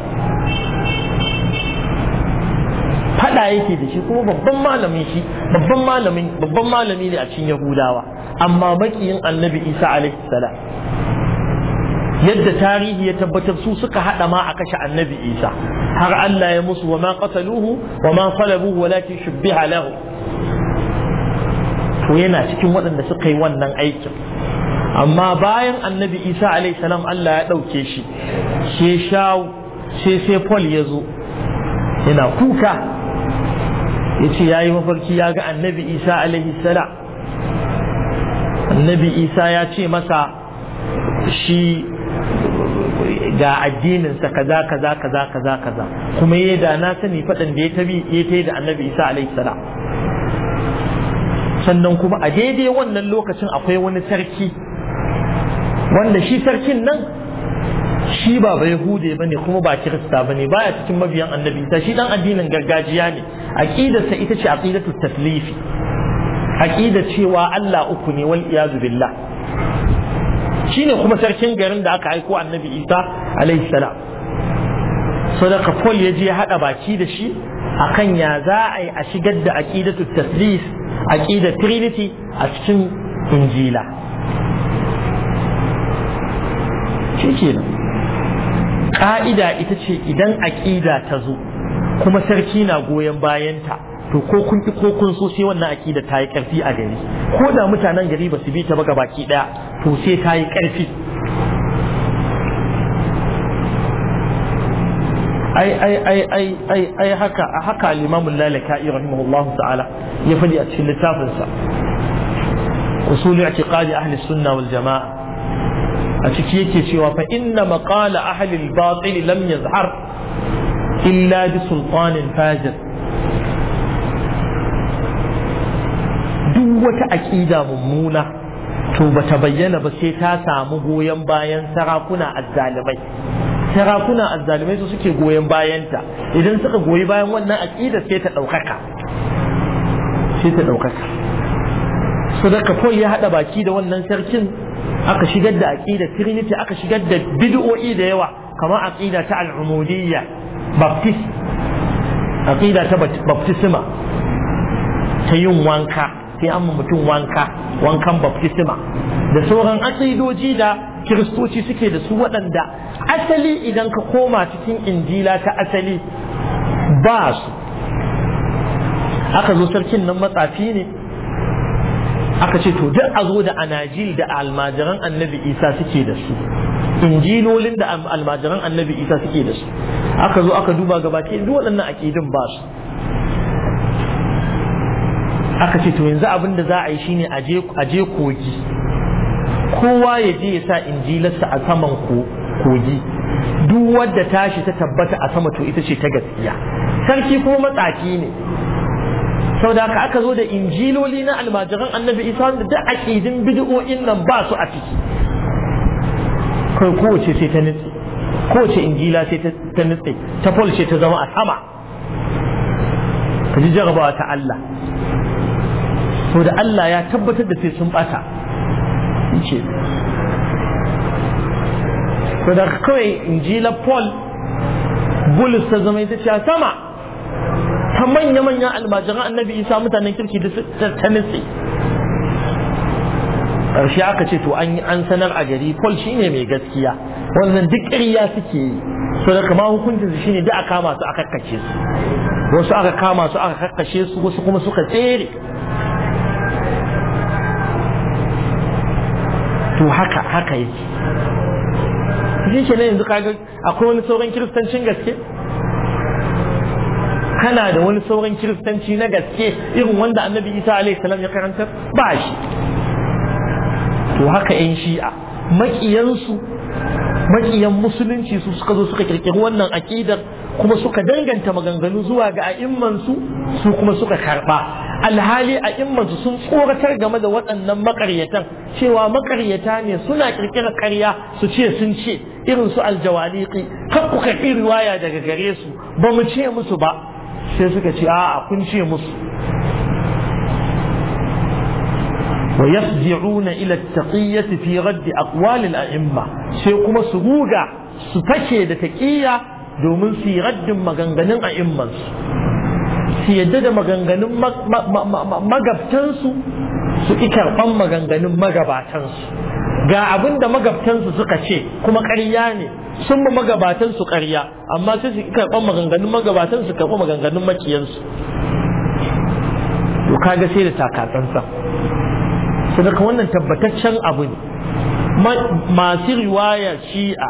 A: fada yake da shi kuma babban malamin shi babban malamin babban malami ne a cikin yahudawa amma makiyin annabi isa alaihi salam yadda tarihi ya tabbatar su suka hada ma a kashe annabi isa har Allah ya musu wa ma qataluhu wa ma salabuhu walakin shubbiha lahu to yana cikin waɗanda suka yi wannan aikin amma bayan annabi isa alaihi salam Allah ya ɗauke shi sai shawo sai sai paul ya zo yana kuka yace yayi mafarki ya ga annabi isa alaihi salam annabi isa ya ce masa shi ga addininsa kaza kaza kaza kaza kaza kuma yayi da na sani faɗan da ya tabi ya tayi da annabi isa alaihi salam sannan kuma a daidai wannan lokacin akwai wani sarki wanda shi sarkin nan shi ba ba hude bane kuma ba kirista bane baya cikin mabiyan annabi ta shi dan addinin gargajiya ne aqidarsa ita ce aqidatu taslifi aqida cewa Allah uku ne wal iyadu billah shine kuma sarkin garin da aka aiko annabi Isa alaihi salam sadaka Paul ya je hada baki da shi akan ya za a yi a shigar da aqidatu taslif aqidar trinity a cikin injila shi kenan ka'ida ita ce idan aƙida ta zo kuma sarki na goyon bayanta to ko kun ki ko kun so sai wannan aƙida ta yi ƙarfi a gari ko da mutanen gari ba su bi ta ba ga baki ɗaya to sai ta yi ƙarfi ai ai ai ai ai ai haka haka al lalaka'i rahimahullahu ta'ala ya fadi a cikin littafinsa ake i'tiqadi ahli sunna wal jama'a a ciki yake cewa fa inna maqala ahli al-batil lam yazhar illa bi sultanin fajir duk wata aqida mummuna to bata bayyana ba sai ta samu goyon bayan sarakuna azzalimai sarakuna azzalimai su suke goyon bayanta idan suka goyi bayan wannan aqida sai ta daukaka sai ta daukaka sadaka kawai ya hada baki da wannan sarkin aka shigar da aƙida trinity aka shigar da bid'o'i da yawa kamar aƙida ta al'umudiyya baptist Aƙida ta baptisma ta yin wanka sai an mutum wanka wankan baptisma da sauran asidoji da kiristoci suke da su waɗanda asali idan ka koma cikin injila ta asali ba su aka zo sarkin nan matsafi ne aka ce to duk a zo da anajil da almajiran annabi isa suke da su injilolin da almajiran annabi isa suke da su aka zo aka duba gaba ke duk waɗannan aƙidin ba su aka ce to yanzu abin da za a yi shine a je kogi kowa ya je ya sa injilarsa a saman kogi duk wadda tashi ta tabbata a sama to ita ce ta gaskiya sarki kuma matsaki ne saboda haka aka zo da injiloli na almajiran annabi isa da duk aqidin bid'o'in nan ba su a ciki kai kowace sai ta nitse kowace injila sai ta nitse ta Paul ce ta zama a sama ka ji jarabawa ta Allah saboda Allah ya tabbatar da sai sun bata ce saboda kawai injila Paul bulus ta zama ita ce a sama ta manya-manyan almajiran annabi isa mutanen kirki da ta nitse ƙarshe aka ce to an an sanar a gari paul ne mai gaskiya wannan duk ƙarya suke yi so da kama hukuncinsu ne duk a kama su a kakkace su wasu aka kama su aka kakkashe su wasu kuma suka tsere to haka haka yake shi ke yanzu kaga akwai wani sauran kiristancin gaske kana da wani sauran kiristanci na gaske irin wanda annabi isa alaihi salam ya karanta ba shi to haka yan shi'a makiyansu makiyan musulunci su suka zo suka kirkiri wannan aƙidar kuma suka danganta maganganu zuwa ga a'immansu su kuma suka karɓa. alhali a'immansu sun tsoratar game da waɗannan makaryatan cewa makaryata ne suna ƙirƙirar ƙarya su ce sun ce irin su aljawaliki kan ku karɓi riwaya daga gare su ba mu ce musu ba sai suka ce a'a kun ce musu wa yasji'una ila at-taqiyyati fi radd aqwal al-a'imma sai kuma su guga su take da taqiyya domin su raddin maganganun a'immansu su yadda da maganganun magabtansu su ƙi karɓan maganganun magabatansu ga abin da magabtansu suka ce kuma ƙarya ne sun magabatan magabatansu ƙarya amma sai su karɓan maganganun magabatansu su karɓi maganganun makiyansu to kaga sai da takatsantsan daga wannan tabbataccen abu ne masu riwaya shi'a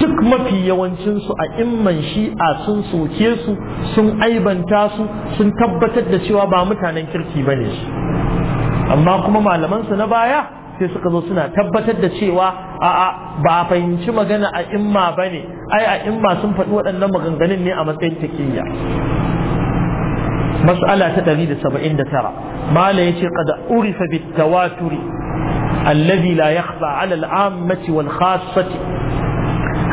A: duk mafi yawancinsu a imman shi'a sun soke su sun aibanta su sun tabbatar da cewa ba mutanen kirki ba ne su amma kuma malamansu na baya sai suka zo suna tabbatar da cewa a'a ba a fahimci magana a imma ba ne ai a imma sun faɗi waɗannan maganganun ne a matsayin takiyya mas'ala ta 179 mala yace qad urifa bit tawaturi alladhi la yakhfa 'ala al-'ammati wal khassati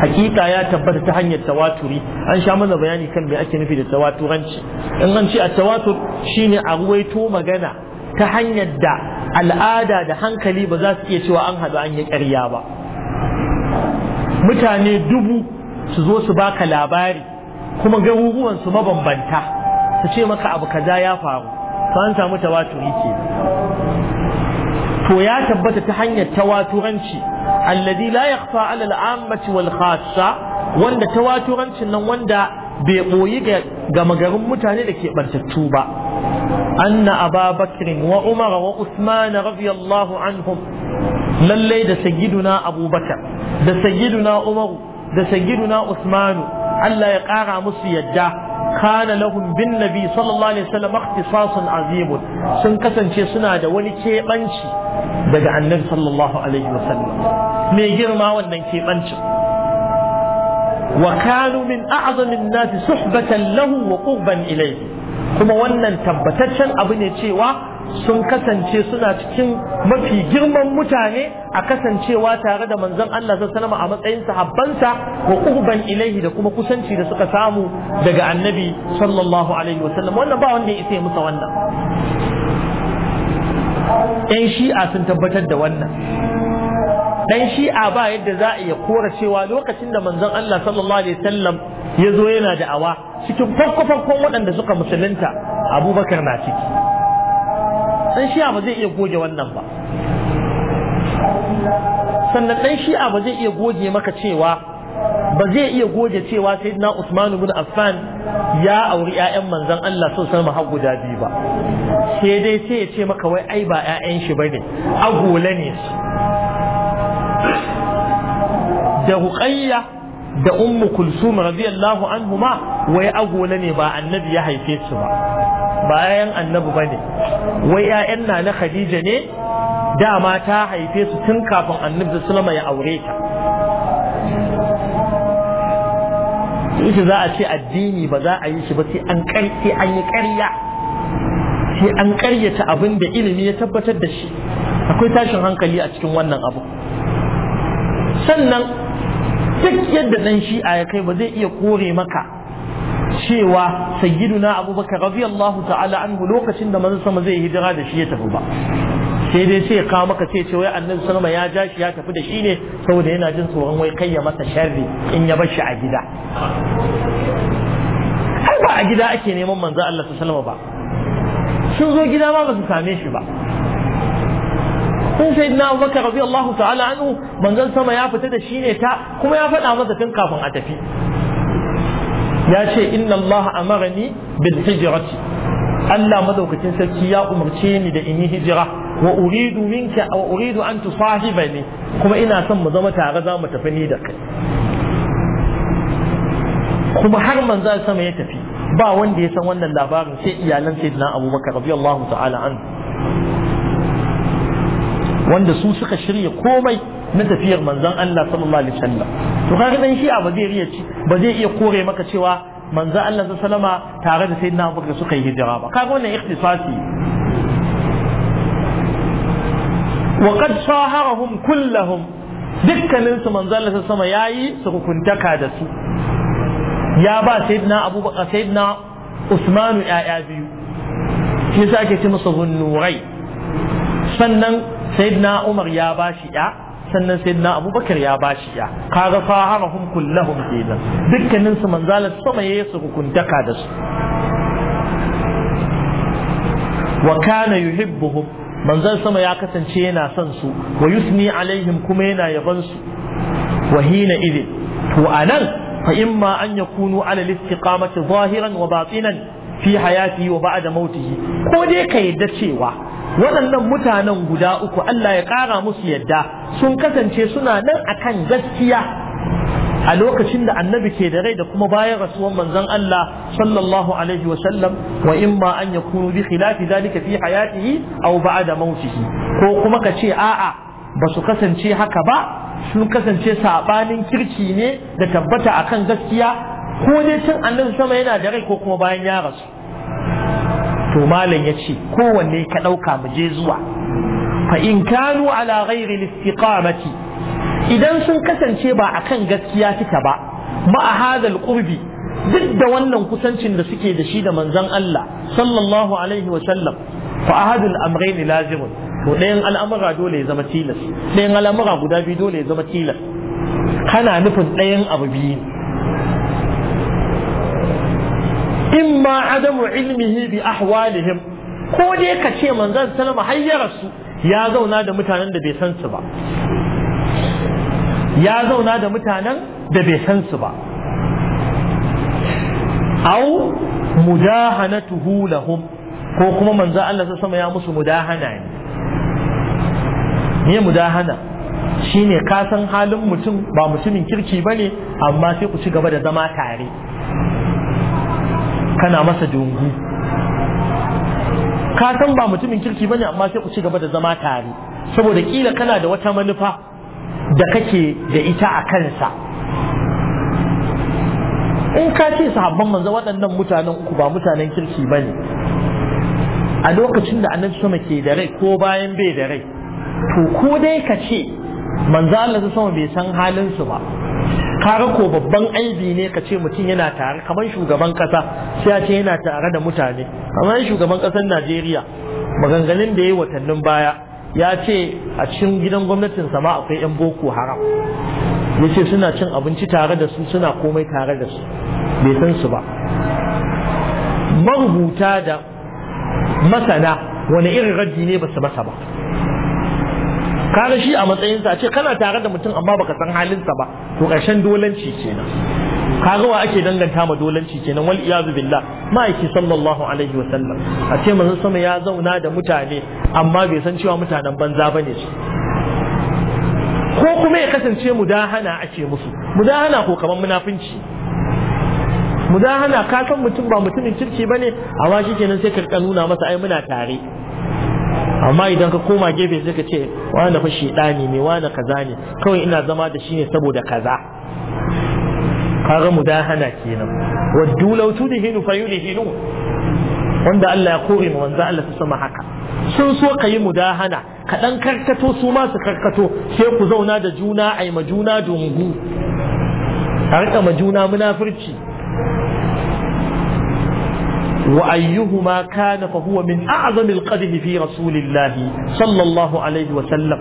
A: hakika ya tabbata ta hanyar tawaturi an sha mana bayani kan me ake nufi da tawaturanci in an ce a tawatur shine a ruwaito magana ta hanyar da al'ada da hankali ba za su iya cewa an haɗu an yi ƙarya ba mutane dubu su zo su baka labari kuma garuruwan su mabambanta su ce maka abu kaza ya faru ba an samu tawaturi ke to ya tabbata ta hanyar tawaturanci alladhi la yakhfa ala al'ammati wal khassa wanda tawaturancin nan wanda bai boyi ga gama garin mutane da ke bantattu ba أن أبا بكر وعمر وعثمان رضي الله عنهم للي دا سيدنا Abubakar da دا سيدنا عمر دا سيدنا عثمان ألا يقارع مصر يداه kana lahum bin nabi sallallahu alaihi wasallam ikhtisasun azim sun kasance suna da wani kebanci daga annabi sallallahu alaihi wasallam me girma wannan kebanci wa kanu min a'zami an-nas suhbatan lahu wa qurban ilayhi kuma wannan tabbataccen abu ne cewa sun kasance suna cikin mafi girman mutane a kasancewa tare da manzon Allah sallallahu a matsayin sahabbansa wa qurban ilaihi da kuma kusanci da suka samu daga annabi sallallahu alaihi wasallam wannan ba wanda ya isa musa wannan ɗan shi'a sun tabbatar da wannan ɗan shi'a ba yadda za a iya kora cewa lokacin da manzon Allah sallallahu alaihi wasallam ya zo yana da'awa cikin farko farkon waɗanda suka musulunta abubakar na ciki ɗan shi'a ba zai iya goge wannan ba sannan ɗan shi'a ba zai iya goge maka cewa ba zai iya goge cewa sai na usman ibn affan ya auri 'ya'yan manzan Allah sun san har guda biyu ba sai dai sai ya ce maka wai ai ba 'ya'yan shi ba ne, agola ne su da hukayya da ummu kulsum radiyallahu anhuma wai agola ne ba annabi ya haife su ba bayan annabi bane wai ƴaƴan na na khadija ne dama ta haife su tun kafin annabi sallama ya aure ta ita za a ce addini ba za a yi shi ba sai an sai an yi ƙarya sai an ƙaryata abin da ilimi ya tabbatar da shi akwai tashin hankali a cikin wannan abu sannan duk yadda dan shi'a ya kai ba zai iya kore maka cewa sayyiduna abubakar radiyallahu ta'ala anhu lokacin da manzon sama zai hijira da shi ya tafi ba sai dai sai kawo maka sai ce wai annabi sallama ya ja shi ya tafi da shi ne saboda yana jin tsoron wai kai ya masa sharri in ya bar shi a gida har ba a gida ake neman manzo Allah sallama ba sun zo gida ma ba su same shi ba kun sai na abubakar rabi Allah ta'ala anu manzon sama ya fita da shi ne ta kuma ya faɗa masa tun kafin a tafi ya ce inna Allah amarani bil hijrati Allah madaukakin sarki ya umarce ni da in yi hijira wa uridu minka wa uridu an tusahibani kuma ina son mu zama tare za mu tafi ni da kai kuma har manzon sama ya tafi ba wanda ya san wannan labarin sai iyalan sayyidina Abubakar radiyallahu ta'ala anhu wanda su suka shirya komai na tafiyar manzon Allah sallallahu alaihi wasallam to kaga dan shi ba zai iya ba zai iya kore maka cewa manzon Allah sallallahu alaihi wasallama tare da sayyidina Abubakar suka yi hijira ba kaga wannan ikhtisasi wa qad shaharahum kullahum dukkanin su manzon Allah sallallahu alaihi yayi su hukuntaka da su ya ba sayyidina Abubakar sayyidina Usmanu ya'ya biyu shi yasa ake ce musu hunnurai sannan sayyidina Umar ya bashi ya sannan sayyidina Abubakar ya bashi ya kaga faharahum kullahum kenan dukkanin su manzalar sama yayi su hukuntaka da su wa kana yuhibbuhum manzon sama ya kasance yana son su wa yusni alaihim kuma yana yaban su wa hina idin to anan fa imma an yakunu ala al-istiqamati zahiran wa batinan fi hayati wa ba'da mautihi ko dai ka yadda cewa waɗannan mutanen guda uku Allah ya ƙara musu yadda sun kasance suna nan akan gaskiya a lokacin da annabi ke da rai da kuma bayan rasuwan manzon Allah sallallahu alaihi wa sallam wa imma an yakunu bi khilafi zalika fi hayatihi aw ba'da mautihi ko kuma ka ce a'a ba su kasance haka ba sun kasance sabanin kirki ne da tabbata akan gaskiya ko dai tun annabi sama yana da rai ko kuma bayan ya rasu to malam ya ce kowanne ka ɗauka mu je zuwa fa in kanu ala ghairi istiqamati idan sun kasance ba akan gaskiya suka ba ma a hadal qurbi duk da wannan kusancin da suke da shi da manzon Allah sallallahu alaihi wa sallam fa ahadul amrayn lazim to ɗayan al'amura dole ya zama tilas ɗayan al'amura guda biyu dole ya zama tilas kana nufin ɗayan abu biyu in ma adamu ilmihi bi ahwalihim ko dai ka ce manzon sallama hayyararsu ya zauna da mutanen da bai san su ba ya zauna da mutanen da bai san su ba au mudahanatuhu lahum ko kuma manzo Allah sa sama ya musu mudahana ne ne mudahana shine ka san halin mutum ba mutumin kirki bane amma sai ku ci gaba da zama tare kana masa dungu ka san ba mutumin kirki bane amma sai ku ci gaba da zama tare saboda kila kana da wata manufa da kake da ita a kansa in ka ce sahabban manzo waɗannan mutanen uku ba mutanen kirki bane a lokacin da annabi sama ke da rai ko bayan bai da rai to ko dai ka ce manzo Allah sama bai san halin su ba kaga ko babban aibi ne ka ce mutum yana tare kamar shugaban kasa sai ce yana tare da mutane kamar shugaban kasar Najeriya maganganun da ya yi watannin baya ya ce a cikin gidan gwamnatin sama akwai yan boko haram ya ce suna cin abinci tare da su suna komai tare da su bai san su ba marubuta da masana wani irin raddi ne ba su masa ba kaga shi a matsayinsa ce kana tare da mutum amma baka san halinsa ba to ƙarshen dolanci kenan kaga wa ake danganta ma dolanci kenan wal iyazu billah ma'aiki sallallahu alaihi wa sallam a ce manzon sama ya zauna da mutane amma bai san cewa mutanen banza bane su ko kuma ya kasance mudahana ake musu mudahana ko kaman munafinci mudahana ka san mutum ba mutumin kirki bane amma kenan sai ka nuna masa ai muna tare amma idan ka koma gefe sai ka ce wani fa shedani ne wani kaza ne kawai ina zama da shi ne saboda kaza kaga mudahana kenan wa hinu law tudhinu hinu wanda Allah ya kore mu wanda Allah ta sama haka sun so ka mudahana ka dan karkato su ma su karkato sai ku zauna da juna ai ma dungu a ka ma juna munafurci وأيهما كان فهو من أعظم القدح في رسول الله صلى الله عليه وسلم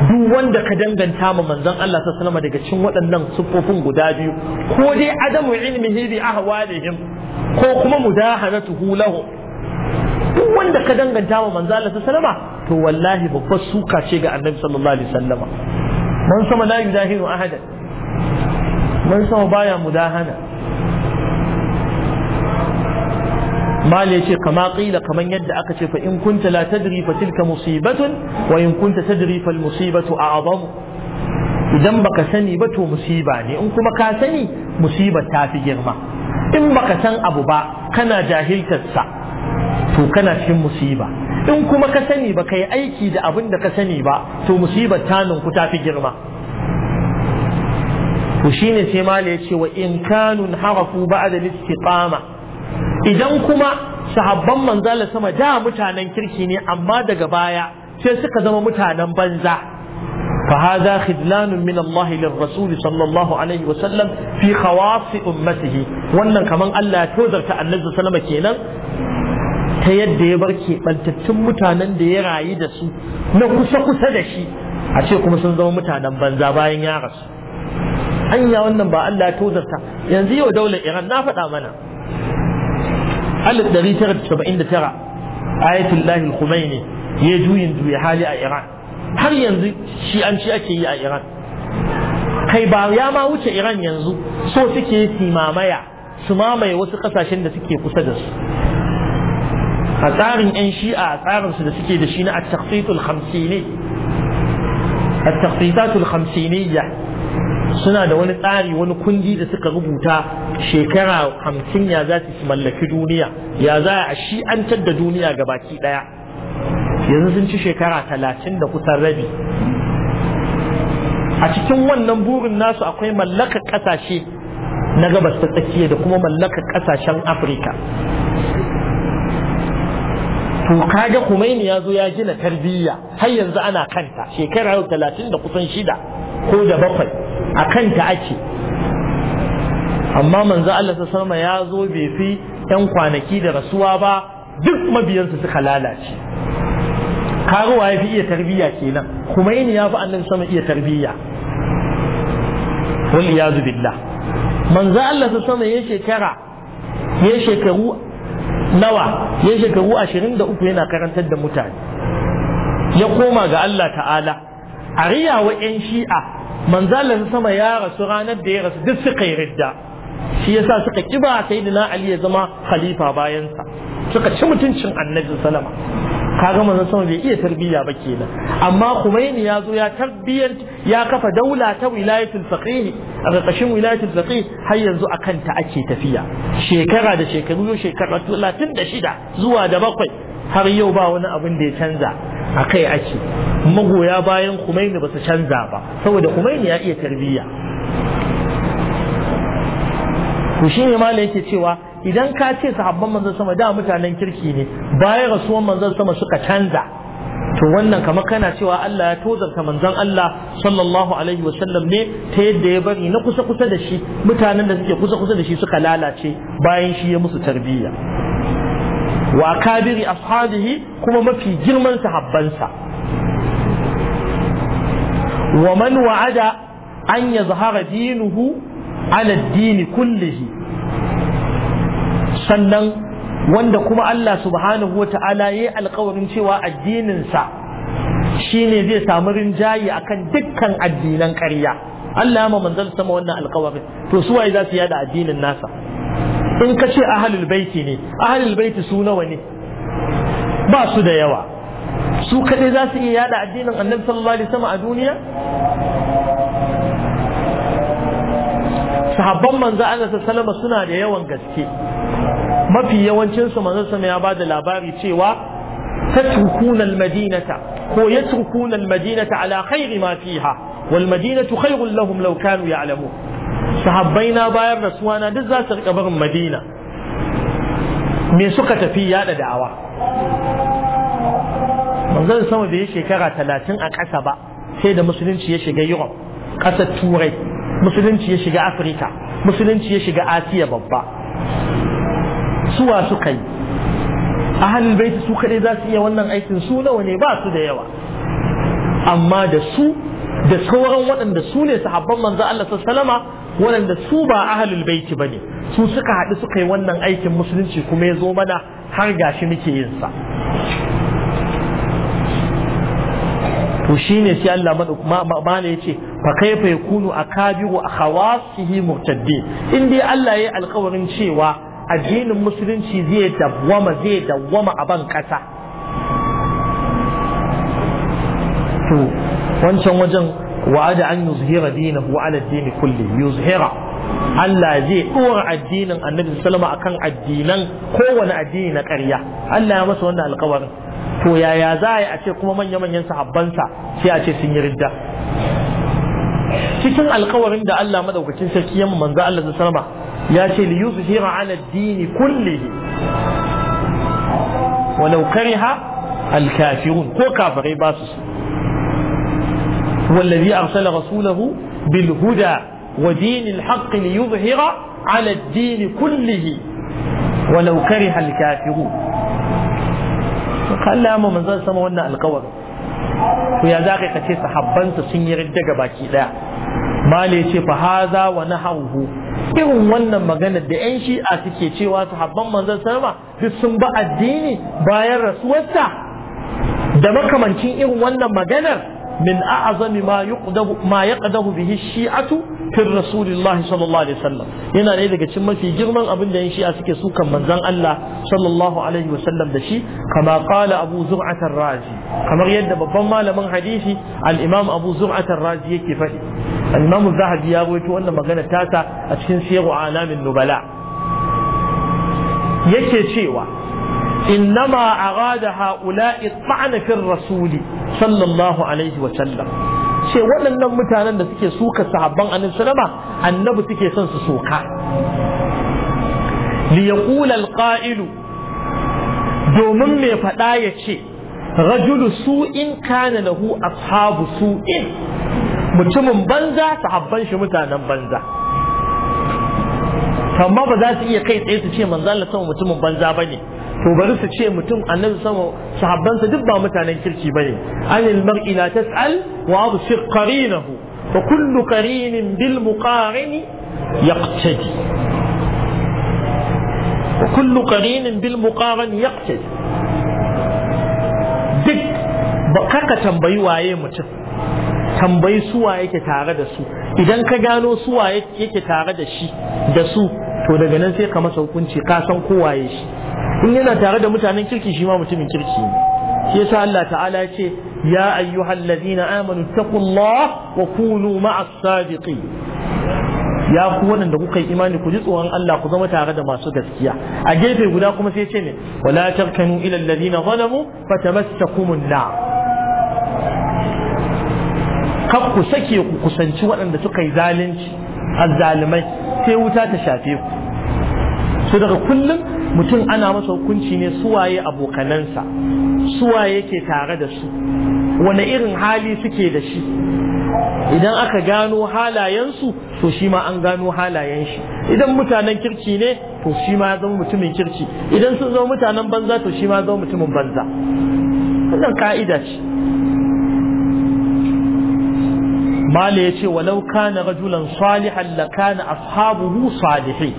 A: duk wanda ka danganta ma manzon Allah ta salama daga cikin waɗannan siffofin guda biyu ko dai adamu ilmihi bi ahwalihim ko kuma mudahanatuhu lahu duk wanda ka danganta ma manzon Allah ta salama to wallahi babbar suka ce ga annabi sallallahu alaihi wasallama man sama la yudahiru ahada man sama baya mudahana mal yace kama ƙila kaman yadda aka ce fa in kunta la tadri fa tilka musibatun wa in kunta tadri fal musibatu a'zam idan baka sani ba to musiba ne in kuma ka sani musibar ta fi girma in baka san abu ba kana sa to kana cikin musiba in kuma ka sani ba yi aiki da abin da ka sani ba to musibar ta ninku ta fi girma to shine sai mala ya ce wa in kanun harafu ba'da listiqama idan kuma sahabban manzala sama da mutanen kirki ne amma daga baya sai suka zama mutanen banza فهذا خذلان من الله للرسول صلى الله عليه وسلم في خواص أمته wannan kaman Allah ya tozarta annabi sallama kenan ta yadda ya barke keɓantattun mutanen da ya rayu da su na kusa kusa da shi a ce kuma sun zama mutanen banza bayan ya rasu anya wannan ba Allah ya tozarta yanzu yau daular Iran na faɗa mana alif ɗari tara da tara al-khumaini ya juyin juya hali a iran har yanzu shi an ci ake yi a iran kai ba ya ma wuce iran yanzu so suke simamaya su mamaye wasu kasashen da suke kusa da su a tsarin 'yan shi'a a tsarinsu da suke da shi na at-taqsitul khamsini at-taqsitatul khamsiniyya suna da wani tsari wani kundi da suka rubuta shekara hamsin ya za su mallaki duniya ya za a shi an da duniya ga baki daya yanzu sun ci shekara talatin da kusan rabi a cikin wannan burin nasu akwai mallakar kasashe na gabas ta tsakiya da kuma mallakar kasashen afirka to kaga kumaini ya zo ya gina tarbiyya har yanzu ana kanta shekara yau talatin da kusan shida ko da bakwai a kanta ake amma manzo Allah ta sama ya zo bai fi yan kwanaki da rasuwa ba duk mabiyansu suka lalace karuwa ya fi iya tarbiyya kenan kuma yini ya fi annabi sama iya tarbiyya wani ya billah manzo Allah ta sama ya shekara ya shekaru nawa ya shekaru 23 yana karantar da mutane ya koma ga Allah ta'ala a riyawa 'yan shi'a manzalar sama ya rasu ranar da ya rasu duk suka yi ridda shi yasa suka kiba Sayyidina ali ya zama khalifa bayansa suka ci mutuncin annabi wasallam kaga manzon sama bai iya tarbiyya ba kenan amma Khumaini ya zo ya tarbiyyar ya kafa daula ta wilayatul faqih a ƙarƙashin wilayatul faqih har yanzu akan ta ake tafiya shekara da shekaru yau shekara 36 zuwa da bakwai har yau ba wani abin da ya canza akai ake magoya bayan Khumaini ba su canza ba saboda Khumaini ya iya tarbiyya ku shine malai yake cewa idan ka ce sahabban manzon sama da mutanen kirki ne bayan rasuwan manzon sama suka canza to wannan kamar kana cewa Allah ya tozarta manzon Allah sallallahu alaihi sallam ne ta yadda ya bari na kusa kusa da shi mutanen da suke kusa kusa da shi suka lalace bayan shi ya musu tarbiyya wa kabiri ashabihi kuma mafi girman sahabbansa wa man wa'ada an yazhara dinuhu ala dini kullihi sannan wanda kuma Allah subhanahu wa ta'ala ya yi alkawarin cewa addininsa shine zai samu rinjaye akan dukkan addinan ƙarya Allah ma manzal sama wannan alkawarin to su waye za su yada addinin nasa in ka ce ahlul baiti ne ahlul baiti su nawa ne ba su da yawa su kaɗai za su iya yada addinin annabi sallallahu alaihi wasallam a duniya sahabban manzo Allah sallama suna da yawan gaske mafi yawancin su manzo sama ya bada labari cewa tatrukuna almadinata ko yatrukuna almadinata ala khairi ma fiha wal madinatu khairul lahum law kanu ya'lamu sahabbai na bayar da suwana duk za su rika barin madina me suka tafi yada da'awa manzon sama bai shekara talatin a ƙasa ba sai da musulunci ya shiga Europe ƙasar turai musulunci ya shiga afirka musulunci ya shiga asiya babba suwa suka yi hannun bai su kaɗai za su iya wannan aikin su nawa ne ba su da yawa amma da su da sauran waɗanda su ne sahabban manzo Allah sallama waɗanda su ba ahalul baiti bane su suka haɗu suka yi wannan aikin musulunci kuma ya zo mana har gashi muke yin sa to shine sai Allah ma ma ya ce fa kaifa yakunu akabiru akhawasihi murtaddi in dai Allah ya alkawarin cewa addinin musulunci zai dawwama zai dawwama a ban kasa to wancan wajen wa'ada an yuzhira dinahu ala ad-din kulli yuzhira Allah zai ɗora addinin annabi sallama akan addinan kowanne addini na ƙarya Allah ya masa wannan alƙawarin to yaya za a ce kuma manya-manyan sahabbansa sai a ce sun yi ridda cikin alkawarin da Allah madaukakin sarki yamma manzo Allah da sama ya ce li yuzhira ala ad-din kullihi walau kariha al-kafirun ko kafirai ba su والذي أرسل رسوله بالهدى ودين الحق ليظهر على الدين كله ولو كره الكافرون قال لا من زال سما القول to ya za ka ce sahabbansa sun yi ridda ga baki daya Mali ya ce fa haza wa nahawhu irin wannan maganar da yan shi'a suke cewa sahabban manzon sallama duk sun ba addini bayan rasuwarsa da makamancin irin wannan maganar Min أعظم ما يقده ما يقده به الشيعة في رسول الله صلى الله عليه وسلم هنا ne daga cikin mafi girman abin da yan shi'a suke sukan manzon Allah sallallahu da shi kama qala Abu Zur'at kamar yadda babban malamin hadisi al-Imam Abu Zur'at yake faɗi al-Imam Zahabi ya rawaito da magana tasa a cikin Siyar Alamin Nubala yake cewa إنما أراد هؤلاء الطعن في الرسول صلى الله عليه وسلم ce waɗannan mutanen da suke suka sahabban annabi annabi suke son su suka. li yaqula alqa'ilu domin mai faɗa ya ce rajulu su'in kana lahu ashabu su'in mutumin banza sahabban shi mutanen banza amma ba za su iya kai tsaye su ce manzo Allah mutumin banza ba ne. to bari su ce mutum annabi sama sahabbansa duk ba mutanen kirki bane anil mar'i la tas'al wa absir qarinahu fa kullu qarinin bil muqarini yaqtadi wa kullu qarinin bil muqarini yaqtadi duk kaka tambayi waye mutum tambayi suwa yake tare da su idan ka gano suwa yake tare da shi da su to daga nan sai ka masa hukunci ka san ko waye shi in yana tare da mutanen kirki shi ma mutumin kirki ne shi yasa Allah ta'ala ce ya ayyuhal ladina amanu taqullah wa kunu ma'as sadiqin ya ku waɗanda kuka yi imani ku ji tsoron Allah ku zama tare da masu gaskiya a gefe guda kuma sai ce ne wala tarkanu ila alladhina zalamu fatamassakumun nar kar ku sake ku kusanci waɗanda suka yi zalunci azzalimai sai wuta ta shafe ku Su daga kullum mutum ana masa hukunci ne suwaye abokanansa suwaye ke tare da su wani irin hali suke da shi idan aka gano halayensu to shi ma an gano halayen shi idan mutanen kirki ne to shi ma zama mutumin kirki idan sun zama mutanen banza to shi ma zama mutumin banza wannan ka'ida ce mala ya ce walau kana rajulan salihan la kana ashabuhu salihai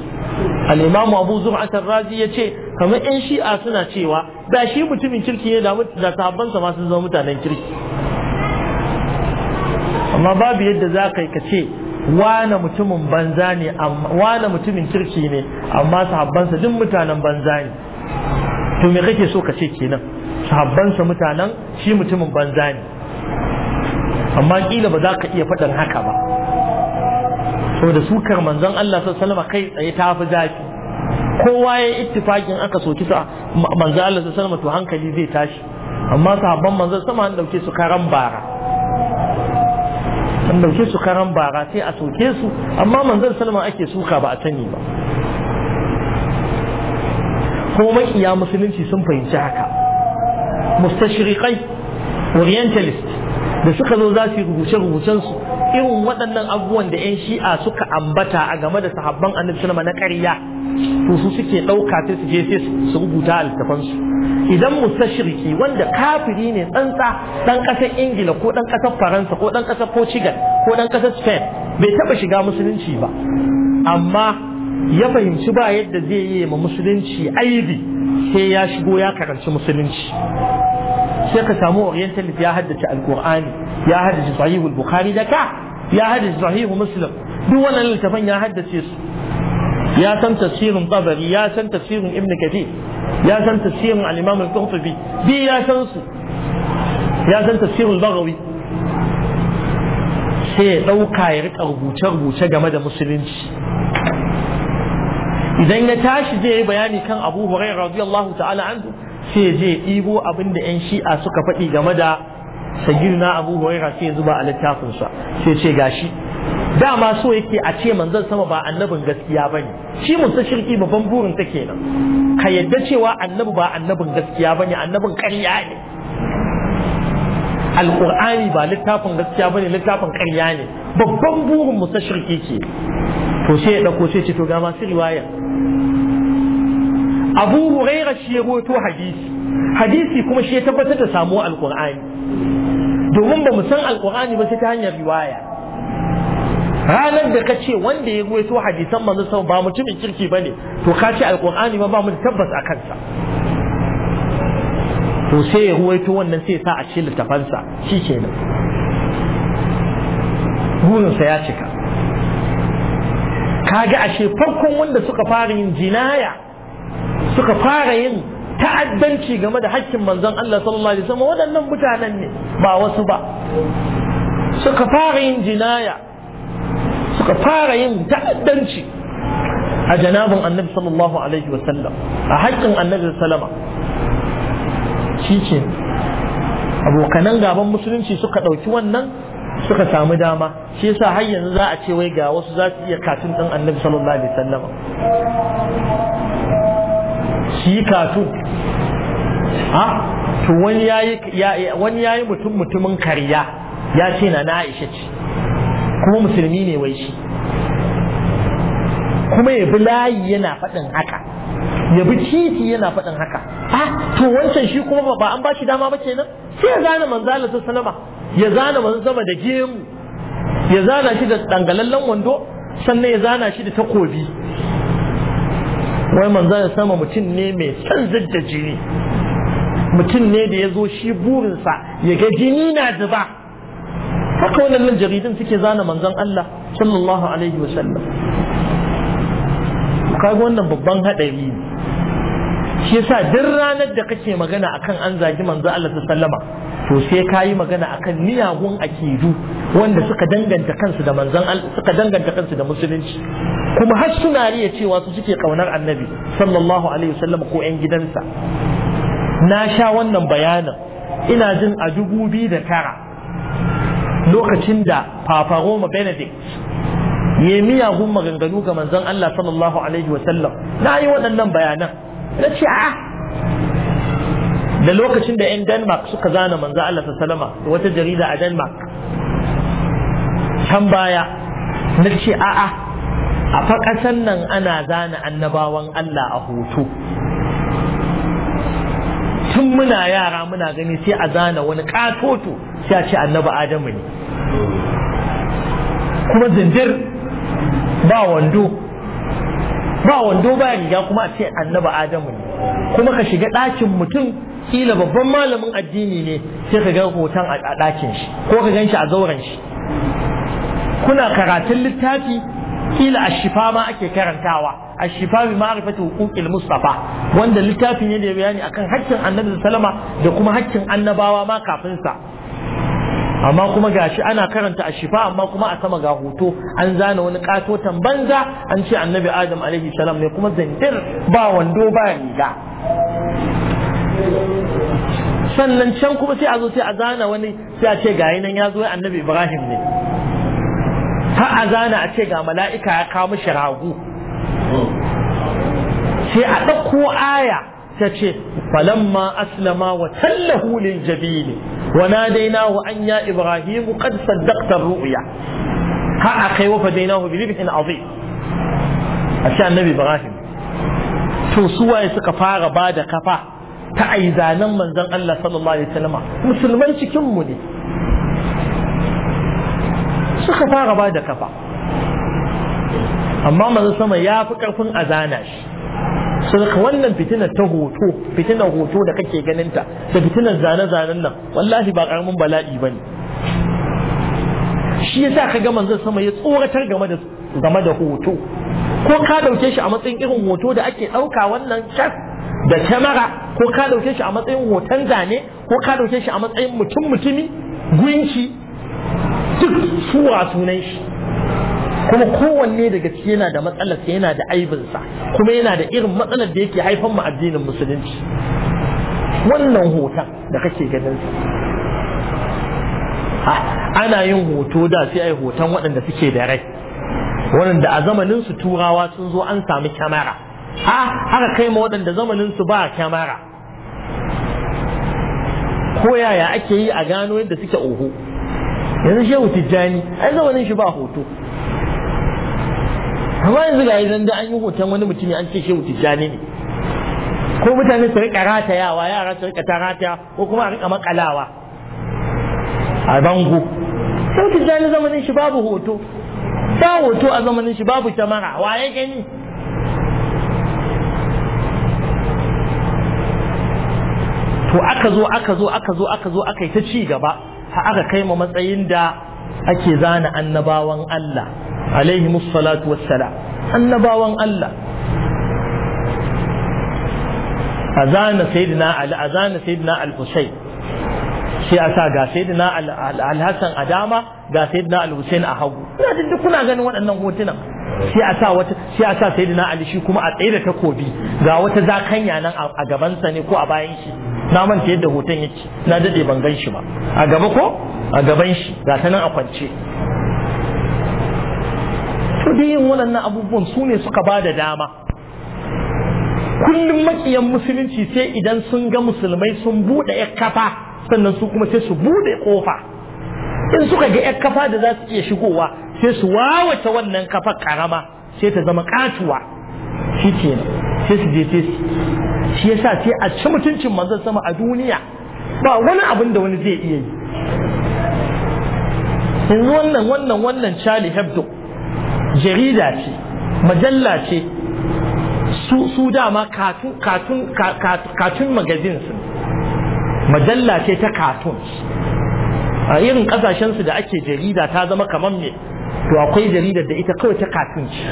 A: al'imamu abu zur'atar razi ya ce kamar 'yan shi'a suna cewa da shi mutumin kirki ne da sahabbansa ma sun zama mutanen kirki amma babu yadda za ka yi ka ce wane mutumin banza ne wane mutumin kirki ne amma sahabbansa duk mutanen banza ne to me kake so ka ce kenan sahabbansa mutanen shi mutumin banza ne amma kila ba za ka iya faɗin haka ba da sukar manzon Allah sallallahu alaihi kai tsaye ta fi zafi kowa ya ittifakin aka soki sa manzon Allah sallallahu alaihi to hankali zai tashi amma sahabban manzon sama an dauke su karan bara an dauke su karan bara sai a soke su amma manzon sallallahu ake suka ba a sani ba ko iya musulunci sun fahimci haka mustashriqai orientalist da suka zo za su yi rubuce-rubucensu irin waɗannan abubuwan da 'yan shi'a suka ambata a game da sahabban annabi sallama na ƙarya to su suke ɗauka sai su je sai su rubuta a littafansu idan shirki wanda kafiri ne tsantsa ɗan ƙasar ingila ko ɗan ƙasar faransa ko ɗan ƙasar portugal ko ɗan ƙasar spain bai taɓa shiga musulunci ba amma ya fahimci ba yadda zai yi ma musulunci aibi sai ya shigo ya karanci musulunci sai ka samu orientalist ya haddace alkur'ani ya haddace sahihul bukhari da ka ya haddace sahihu muslim duk wannan littafan ya haddace su ya san tafsirin tabari ya san tafsirin ibn kathir ya san tafsirin al-imam al-qurtubi bi ya san su ya san tafsirin bagawi sai ya dauka ya rika rubuce rubuce game da musulunci idan ya tashi zai yi bayani kan abu hurairah radiyallahu ta'ala anhu sai je ɗibo abin da 'yan shi'a suka faɗi game da sagirna abu huraira sai zuba a littafinsa sai ce gashi dama so yake a ce manzon sama ba annabin gaskiya ba ne shi musa shirki babban burin ta kenan ka yadda cewa annabi ba annabin gaskiya ba ne annabin ƙarya ne alƙur'ani ba littafin gaskiya ba ne littafin ƙarya ne babban burin musa shirki ke to sai ya ɗauko sai ce to ga masu riwaya abu huraira shi ya rawaito hadisi hadisi kuma shi ya tabbatar da samu alqur'ani domin ba mu san alqur'ani ba sai ta hanyar riwaya ranar da ka ce wanda ya ruwaito hadisan manzo sau ba mutumin kirki ba ne to ka ce alkur'ani ba ba mu tabbas a sa to sai ya wannan sai sa a ce littafansa shi ke nan burinsa ya cika kaga ashe farkon wanda suka fara yin jinaya suka fara yin ta'addanci game da hakkin manzon Allah sallallahu alaihi wasallam waɗannan mutanen ne ba wasu ba suka fara yin jinaya suka fara yin ta'addanci a janabin annabi sallallahu alaihi wasallam a hakkin annabi sallama shi ce abokanan gaban musulunci suka ɗauki wannan suka samu dama shi yasa har yanzu za a ce wai ga wasu za su iya katin ɗan annabi sallallahu alaihi Wasallama. su yi ha to wani yayi wani yayi mutum mutumin kariya ya ce na na Aisha ce kuma musulmi ne wai shi kuma ya bi layi yana faɗin haka ya bi titi yana faɗin haka ah to wancan shi kuma ba an ba shi dama ba kenan sai ya zana manzala ta sanama ya zana manzo sama da gemu ya zana shi da dangalallen wando sannan ya zana shi da takobi wai manzo ya sama mutum ne mai son zidda jini mutum ne da ya zo shi burinsa ya ga jini na zuba haka wannan jaridun suke zana manzon Allah sallallahu alaihi wa sallam kaga wannan babban hadari ne shi yasa duk ranar da kake magana akan an zagi manzo Allah sallama to sai kayi magana akan miyagun akidu wanda suka danganta kansu da manzon Allah suka danganta kansu da musulunci kuma har suna riya cewa su suke kaunar annabi sallallahu alaihi wasallam ko yan gidansa na sha wannan bayanin ina jin a dubu biyu da tara lokacin da papa roma benedict ya yi miyagun maganganu ga manzon Allah sallallahu alaihi wasallam na yi waɗannan bayanan na ce a da lokacin da 'yan denmark suka zana manzo Allah ta salama da wata jarida a denmark can baya na ce a'a a faƙasan nan ana zana annabawan Allah a hoto tun muna yara muna gani sai a zana wani ƙatoto sai a ce annaba adamu ne kuma zindir ba wando ba wando ba riga kuma a ce annaba adamu ne kuma ka shiga ɗakin mutum kila babban malamin addini ne sai ka ga hoton a ɗakin shi ko ka ganshi a zauren shi kuna karatun littafi kila ashifa ma ake karantawa ashifa bi ma'rifati huquqil mustafa wanda littafin ne da bayani akan haƙƙin annabi sallama da kuma haƙƙin annabawa ma kafin sa amma kuma gashi ana karanta shifa amma kuma a sama ga hoto an zana wani katotan banza an ce annabi adam alaihi salam ne kuma zandir ba wando ba riga sannan can kuma sai a zo sai a zana wani sai a ce gayi nan ya zo annabi ibrahim ne har a zana a ce ga mala'ika ya kawo mishi rago sai a ɗauko aya ta ce falamma aslama wa tallahu lil jabini wa nadainahu an ya ibrahim qad saddaqta ru'ya har a kai wa fadainahu bi dhibhin azim a ce annabi ibrahim to su waye suka fara ba da kafa ta aizanan manzon Allah sallallahu alaihi wasallam musulman cikin mu ne suka fara ba da kafa amma masu sama ya fi karfin azana shi saboda wannan fitinar ta hoto Fitina hoto da kake ganinta da fitinar zane-zanen nan wallahi ba karamin bala'i ba ne shi yasa ka ga manzon sama ya tsoratar game da hoto ko ka dauke shi a matsayin irin hoto da ake dauka wannan cas da kyamara ko ka dauke shi a matsayin hoton zane ko ka dauke shi a matsayin mutum mutumi duk suwa sunan shi kuma kowanne daga ciki yana da matsalarsa yana da aibinsa kuma yana da irin matsalar da yake haifan mu addinin musulunci wannan hoton da kake ganin ana yin hoto da sai ai hoton waɗanda suke da rai waɗanda a zamanin su turawa sun zo an sami kyamara ha haka kai ma waɗanda zamanin su ba kyamara ko yaya ake yi a gano yadda suke oho yanzu shehu tijjani an zamanin shi ba hoto amma yanzu ga idan da an yi hoton wani mutumi an ce shehu tijjani ne ko mutane su rika ratayawa yara su rika rataya ko kuma a rika makalawa a bango shehu tijjani zamanin shi babu hoto ba hoto a zamanin shi babu kyamara ya gani to aka zo aka zo aka zo aka zo aka yi ta ci gaba har aka kai ma matsayin da ake zana annabawan Allah alaihi musallatu wassalam annabawan Allah a zana sayyidina Ali a zana sayyidina Al-Husayn sai a sa ga sayyidina Al-Hassan a dama ga sayyidina Al-Husayn a hagu ina duk kuna ganin waɗannan hotunan sai a sa wata sai a sa sayyidina ali shi kuma a tsaye da takobi ga wata zakanya nan a gaban sa ne ko a bayan shi na manta yadda hoton yake na dade ban gan shi ba a gaba ko a gaban shi ga ta nan a kwance to dai yin wannan abubuwan su ne suka ba da dama kullum makiyan musulunci sai idan sun ga musulmai sun buɗe kafa sannan su kuma sai su buɗe ƙofa in suka ga ƴar kafa da za su iya shigowa sai su wawace wannan kafa karama sai ta zama katuwa shi ke sai su je sai shi ya sa sai a ci mutuncin manzon sama a duniya ba wani abin da wani zai iya yi yanzu wannan wannan wannan Charlie Hebdo jarida ce majalla ce su su dama katun katun katun magazin su majalla ce ta katun. a irin kasashen su da ake jarida ta zama kamar me to akwai jaridar da ita kawai ta kafin ci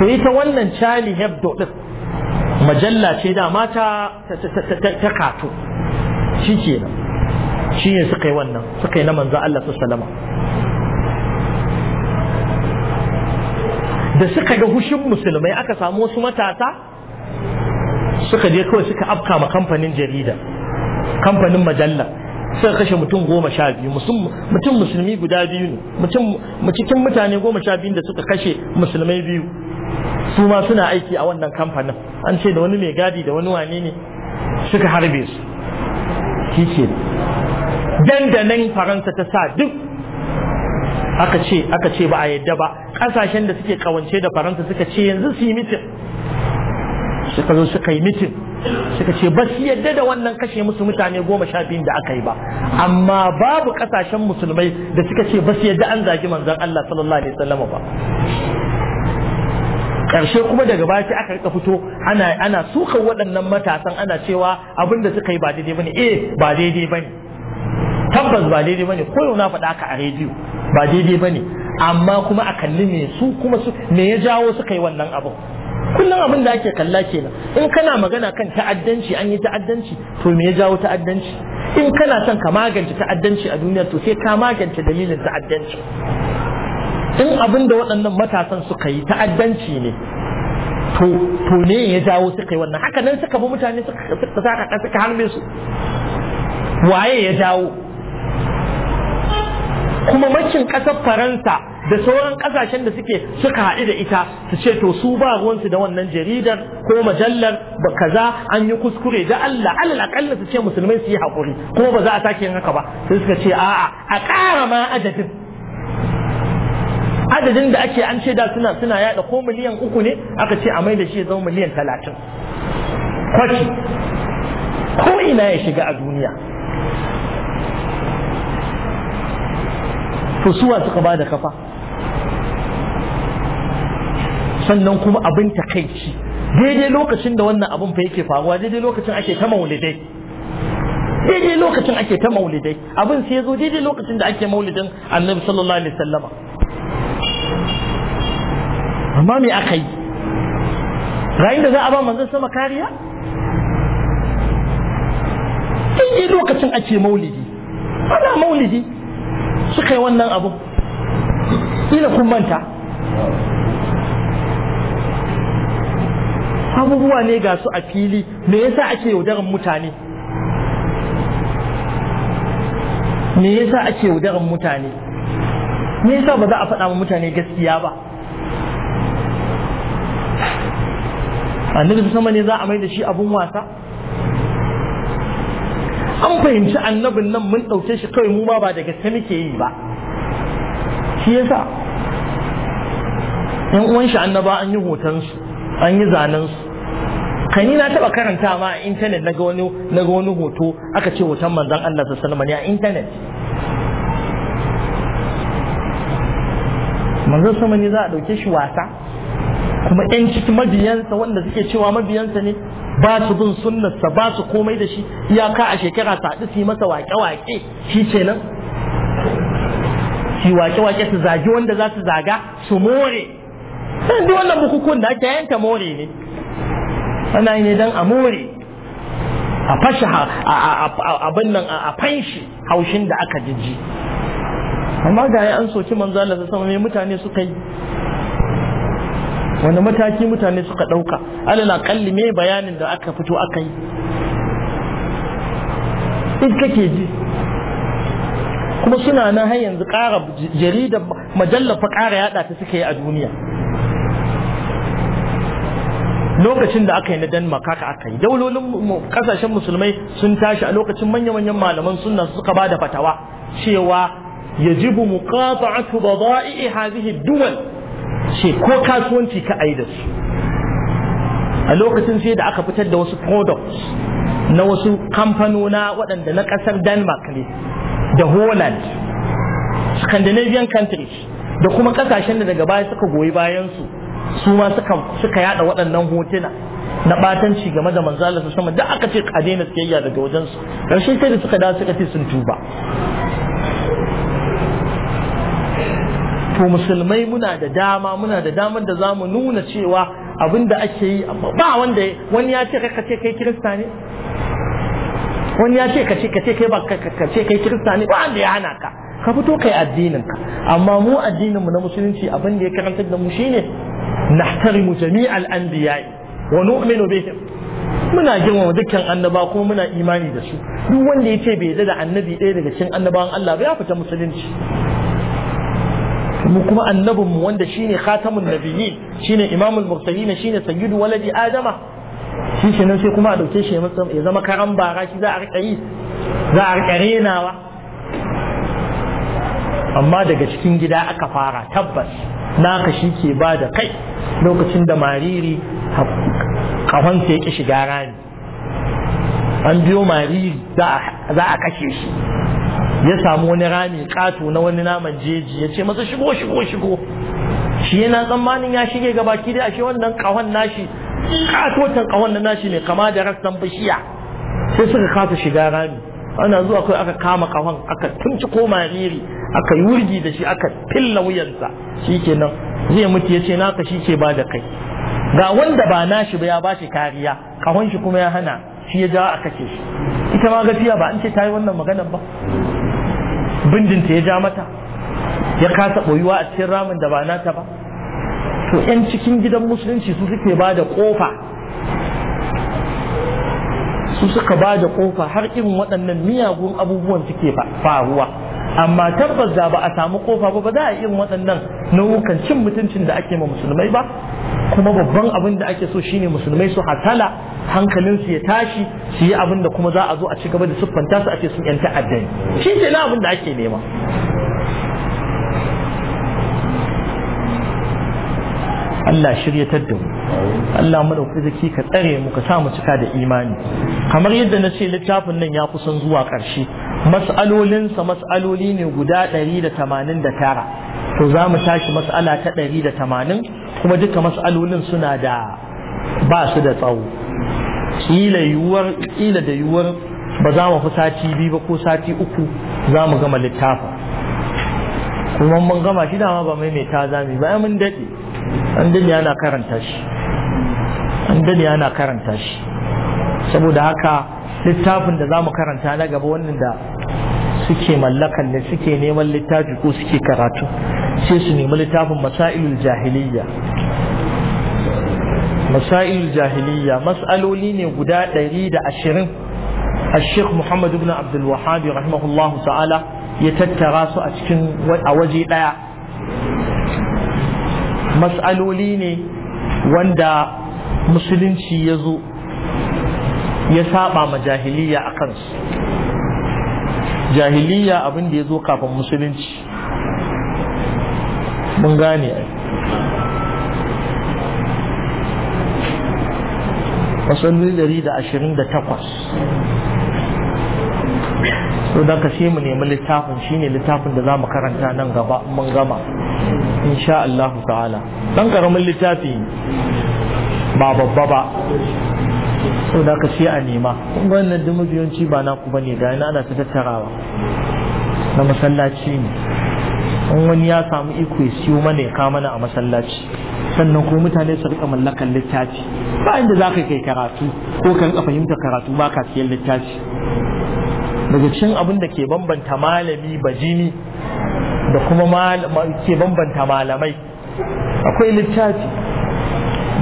A: to ita wannan Charlie Hebdo din majalla ce da mata ta kato shi ke nan, shi ne suka yi wannan suka yi na manzo Allah sallama da suka ga hushin musulmai aka samu wasu matasa suka je kawai suka afka ma kamfanin jarida kamfanin majalla suka kashe mutum goma sha biyu mutum musulmi guda biyu ne cikin mutane goma sha biyu da suka kashe musulmai biyu su ma suna aiki a wannan kamfanin an ce da wani mai gadi da wani wane ne suka harbe su shi ce dandanan faransa ta sa duk aka ce ba a yadda ba Ƙasashen da suke kawance da faransa suka ce yanzu su yi mitin suka zo suka yi mitin suka ce ba su yadda da wannan kashe musu mutane goma sha biyun da aka yi ba amma babu kasashen musulmai da suka ce ba su yadda an zagi manzon Allah sallallahu alaihi wasallam ba karshe kuma daga baya sai aka rika fito ana ana sukan waɗannan matasan ana cewa abin da suka yi ba daidai bane eh ba daidai bane tabbas ba daidai bane ko yau na faɗa ka a rediyo ba daidai bane amma kuma a kalli me su kuma su me ya jawo suka yi wannan abin kullum abin da ake kalla kenan in kana magana kan ta'addanci an yi ta'addanci to me ya jawo ta'addanci in kana son ka magance ta'addanci a duniya to sai ka magance dalilin ta'addanci in abin da waɗannan matasan suka yi ta'addanci ne to ne ya jawo suka yi wannan haka nan suka bi mutane suka suka harbe su waye ya jawo kuma makin ƙasar faransa da sauran kasashen da suke suka haɗu da ita su ce to su ba ruwansu da wannan jaridar ko majallar ba kaza an yi kuskure da Allah alal akalla su ce musulmai su yi haƙuri ko ba za a sake yin haka ba sai suka ce a'a a ƙara ma adadin adadin da ake an ce da suna suna yada ko miliyan uku ne aka ce a mai da shi zama miliyan talatin kwaci ko ina ya shiga a duniya to suwa suka ba da kafa sannan kuma abin takaici daidai lokacin da wannan abin fa yake faruwa daidai lokacin ake ta maulidai daidai lokacin ake ta maulidai abin sai zo daidai lokacin da ake maulidin annabi sallallahu alaihi wasallama amma me aka yi rayin da za a ba manzo sama kariya daidai lokacin ake maulidi ana maulidi suka yi wannan abu ila kun manta abubuwa ne ga su a fili me yasa ake yaudaran mutane me yasa ake yaudaran mutane me yasa ba za a faɗa wa mutane gaskiya ba annabi sama ne za a mai da shi abun wasa an fahimci annabin nan mun ɗauke shi kawai mu ma ba da gaske muke yi ba shi yasa yan uwan shi annaba an yi hotonsu an yi zanensu kani na taba karanta ma a intanet na wani na wani hoto aka ce hoton manzon Allah sallallahu alaihi wasallam a intanet manzon sallallahu ne za a dauke shi wasa kuma ɗan cikin mabiyansa wanda suke cewa mabiyansa ne ba su bin sunnarsa ba su komai da shi iyaka a shekara sa, haɗu su yi masa wake-wake shi ce nan? su wake-wake su zagi wanda za su zaga su more duk wannan bukukuwan da ake yanka more ne ana yi ne don a more a fashe abin nan a fanshi haushin da aka jiji amma ga ya an soki manzo Allah sama me mutane suka yi wani mataki mutane suka ɗauka na kalli me bayanin da aka fito aka yi in kake ji kuma suna nan har yanzu ƙara jaridar majallafa ƙara yaɗa ta suka yi a duniya lokacin da aka yi na Denmark haka aka yi daulolin kasashen musulmai sun tashi a lokacin manya-manyan malaman sunna suka ba da fatawa cewa ya yajibu muqata'atu bada'i hadhihi duwal ce ko kasuwanci ka da su a lokacin sai da aka fitar da wasu products na wasu kamfanona waɗanda na ƙasar Denmark ne da Holland Scandinavian countries da kuma ƙasashen da daga baya suka goyi bayan su su ma suka yada waɗannan hotuna na batanci game da manzo Allah sama da aka ce a daina tsayayya daga wajen su karshe sai da suka da suka ce sun tuba to musulmai muna da dama muna da damar da zamu nuna cewa abinda ake yi amma ba wanda wani ya ce kaka ce kai kirista ne wani ya ce ka ce ka ce kai ba ka ce kai kirista ne ba wanda ya hana ka ka fito kai addinin ka amma mu addinin mu na musulunci abin da ya karantar da mu shine نحترم جميع anbiya'i ونؤمن بهم muna girmama dukkan annaba kuma muna imani da su duk wanda ya ce bai yarda da annabi ɗaya daga cikin annabawan Allah ba ya fita musulunci mu kuma annabin mu wanda shine khatamun nabiyyin shine imamul mursalin shine sayyidu waladi adama shi kenan sai kuma a dauke shi ya zama karan bara shi za a rika yi za a rika renawa amma daga cikin gida aka fara tabbas naka shi ke ba da kai lokacin da mariri kafansa ya ƙi shiga rami an biyo mariri za a kashe shi ya samu wani rami ƙato na wani naman jeji ya ce masa shigo shigo shigo shi yana tsammanin ya shige ga baki da ashe wannan kahon nashi ƙatotan kahon na nashi ne kama da rassan bishiya sai suka kasa shiga rami ana zuwa kai aka kama kafan aka tunci ko mariri aka yi wurgi da shi aka filla wuyansa shikenan zai mutu ya ce naka shi ke ba da kai ga wanda ba nashi ba ya ba shi kariya kafan shi kuma ya hana shi ya jawa a kashe shi ita ma gafiya ba an ce ta yi wannan maganar ba bindinta ya ja mata ya kasa boyuwa a cikin ramin da ba nata ba to 'yan cikin gidan musulunci su suke ba da kofa su suka ba da kofa har irin waɗannan miyagun abubuwan suke faruwa amma tabbas da ba a samu kofa ba ba za a yi irin waɗannan nau'ukan cin mutuncin da ake ma musulmai ba kuma babban abin da ake so shine musulmai su hatala su ya tashi su yi abin da kuma za a zo a ci gaba da siffanta su ake sun yan ta'adda shi ke na abin da ake nema Allah shiryatar da mu Allah mu dauki zaki ka tsare mu ka sa mu cika da imani kamar yadda na ce littafin nan ya kusan zuwa ƙarshe mas'alolinsa mas'aloli ne guda 189 to za mu tashi mas'ala ta 180 kuma duka mas'alolin suna da ba su da tsawo kila yuwar kila da yiwuwar ba za mu fi sati biyu ba ko sati uku za mu gama littafin kuma mun gama shi dama ba mai mai ta zami ba mun daɗe an dade ana karanta shi an ana karanta shi saboda haka littafin da za mu karanta na gaba wannan da suke mallakan ne suke neman littafi ko suke karatu sai su nemi littafin masailul jahiliya masailul jahiliya mas'aloli ne guda 120 الشيخ محمد بن عبد الوهاب رحمه الله تعالى ya tattara su a cikin a waje ɗaya Matsaloli ne wanda musulunci ya zo ya saba ma jahiliya a kansu jahiliya abin ya zo kafin musulunci mun gane mas'aloli 128 To don ka mu nemi littafin shine littafin da za mu karanta nan gaba mun gama insha Allah ta'ala dan karamin littafi ba babba ba To da ka a nema wannan da mabiyanci ba na ku bane ina ana ta tattarawa na masallaci ne in wani ya samu iko ya siyo mana ya kama mana a masallaci sannan ko mutane su rika mallakan littafi ba inda za ka kai karatu ko ka fahimta karatu ba ka siyan littafi daga cin abin da ke bambanta malami bajini da kuma ke bambanta malamai akwai littafi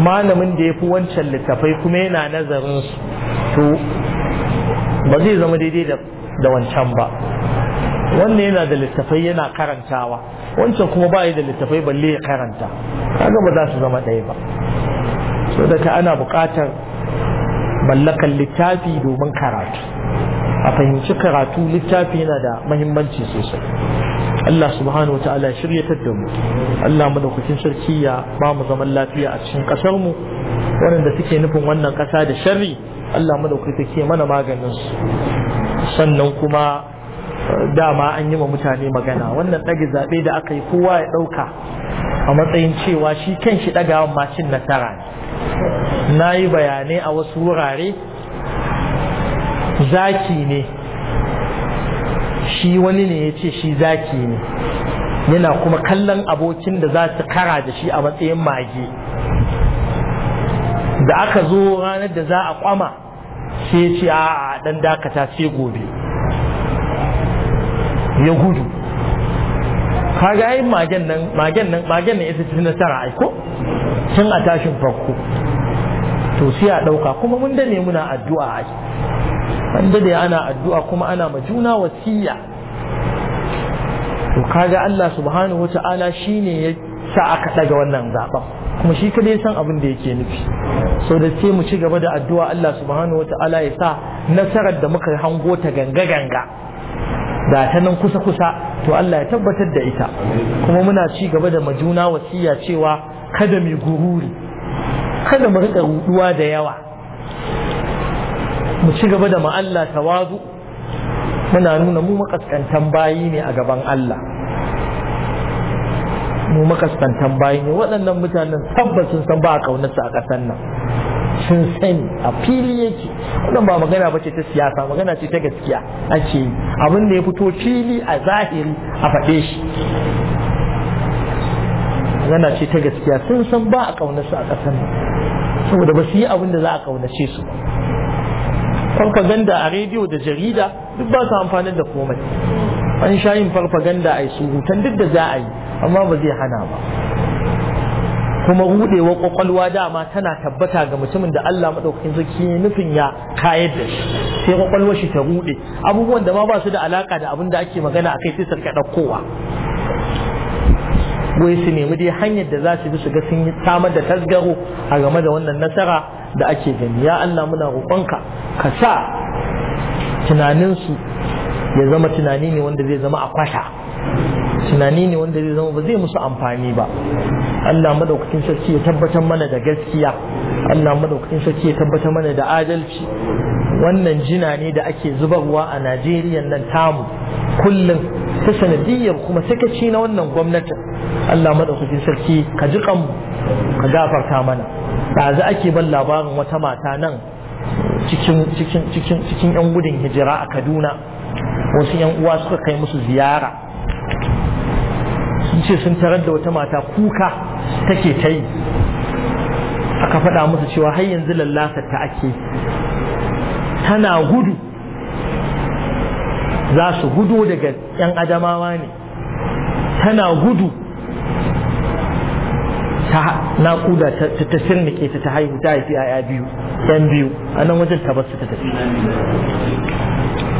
A: malamin da ya fi wancan littafai kuma yana nazarin su to ba zai zama daidai da wancan ba wannan yana da littafai yana karantawa wancan kuma ba da littafai balle ya karanta kaga ba za su zama ɗaya ba so daga ana buƙatar mallakan littafi domin karatu a fahimci karatu littafi yana da mahimmanci sosai Allah subhanahu Ta'ala ya shiryatar da mu Allah madaukakin sarki ya ba mu zaman lafiya a cikin kasar mu waɗanda suke nufin wannan ƙasa da sharri Allah sarki ya mana maganin su sannan kuma eh, dama an yi wa mutane magana wannan ɗage zaɓe da aka yi kowa ya ɗauka a matsayin cewa shi kan shi ɗagawan macin nasara ne na yi bayanai a wasu wurare zaki ne shi wani ne ya ce shi zaki ne yana kuma kallon abokin da za su kara da shi a matsayin mage da aka zo ranar da za a kwama sai ya ce a dan dakata sai gobe ya gudu ka ga magen magen nan magen nan ita ce nasara aiko? ko a tashin farko to sai a ɗauka kuma mun dane muna addu'a an dade ana addu'a kuma ana ma wasiya to kaga Allah subhanahu wata'ala shine ya sa aka daga wannan zaben kuma shi kada ya san abin da yake nufi so da sai mu ci gaba da addu'a Allah subhanahu wata'ala ya sa nasarar da muka hango ta ganga ganga da ta nan kusa kusa to Allah ya tabbatar da ita kuma muna ci gaba da majuna wasiya cewa kada mu gururi kada mu riƙa ruduwa da yawa mu ci gaba da ma'alla tawazu muna nuna mu makaskantan bayi ne a gaban Allah mu makaskantan bayi ne waɗannan mutanen tabbas sun san ba a ƙaunarsa a ƙasar nan sun sani a fili yake wannan ba magana ba ce ta siyasa magana ce ta gaskiya a yi abin da ya fito fili a zahiri a faɗe shi magana ce ta gaskiya sun san ba a ƙaunarsa a ƙasar nan saboda ba su yi abin da za a ƙaunace su ba farfaganda a rediyo da jarida duk ba su amfani da komai an sha yin farfaganda a yi surutan duk da za a yi amma ba zai hana ba kuma rudewa kwakwalwa dama tana tabbata ga mutumin da Allah maɗaukakin sarki nufin ya kayar da shi sai kwakwalwar shi ta rude abubuwan da ma ba su da alaka da abin da ake magana a kai sai sarka ɗaukowa wai su nemi dai hanyar da za su bi su ga sun yi samar da tasgaro a game da wannan nasara da ake gani ya Allah muna roƙonka ka sa tunaninsu ya zama tunani ne wanda zai zama a kwasha tunani ne wanda zai zama ba zai musu amfani ba Allah madaukakin sarki ya tabbatar mana da gaskiya Allah madaukakin sarki ya tabbatar mana da adalci wannan jina ne da ake zubarwa a Najeriya nan tamu kullum ta sanadiyyar kuma sakaci na wannan gwamnatin Allah madaukakin sarki ka ji kanmu ka gafarta mana ɗazu ake ban labarin wata mata nan cikin cikin cikin cikin yan gudun hijira a Kaduna wasu yan uwa suka kai musu ziyara sun ce sun tarar da wata mata kuka take ta yi aka faɗa musu cewa har yanzu lallasar ta ake tana gudu za su gudu daga 'yan adamawa ne tana gudu ta naƙuda ta tafiyar da ke ta haihu ta haifi yaya biyu ɗan biyu a nan wajen ta basu ta tafi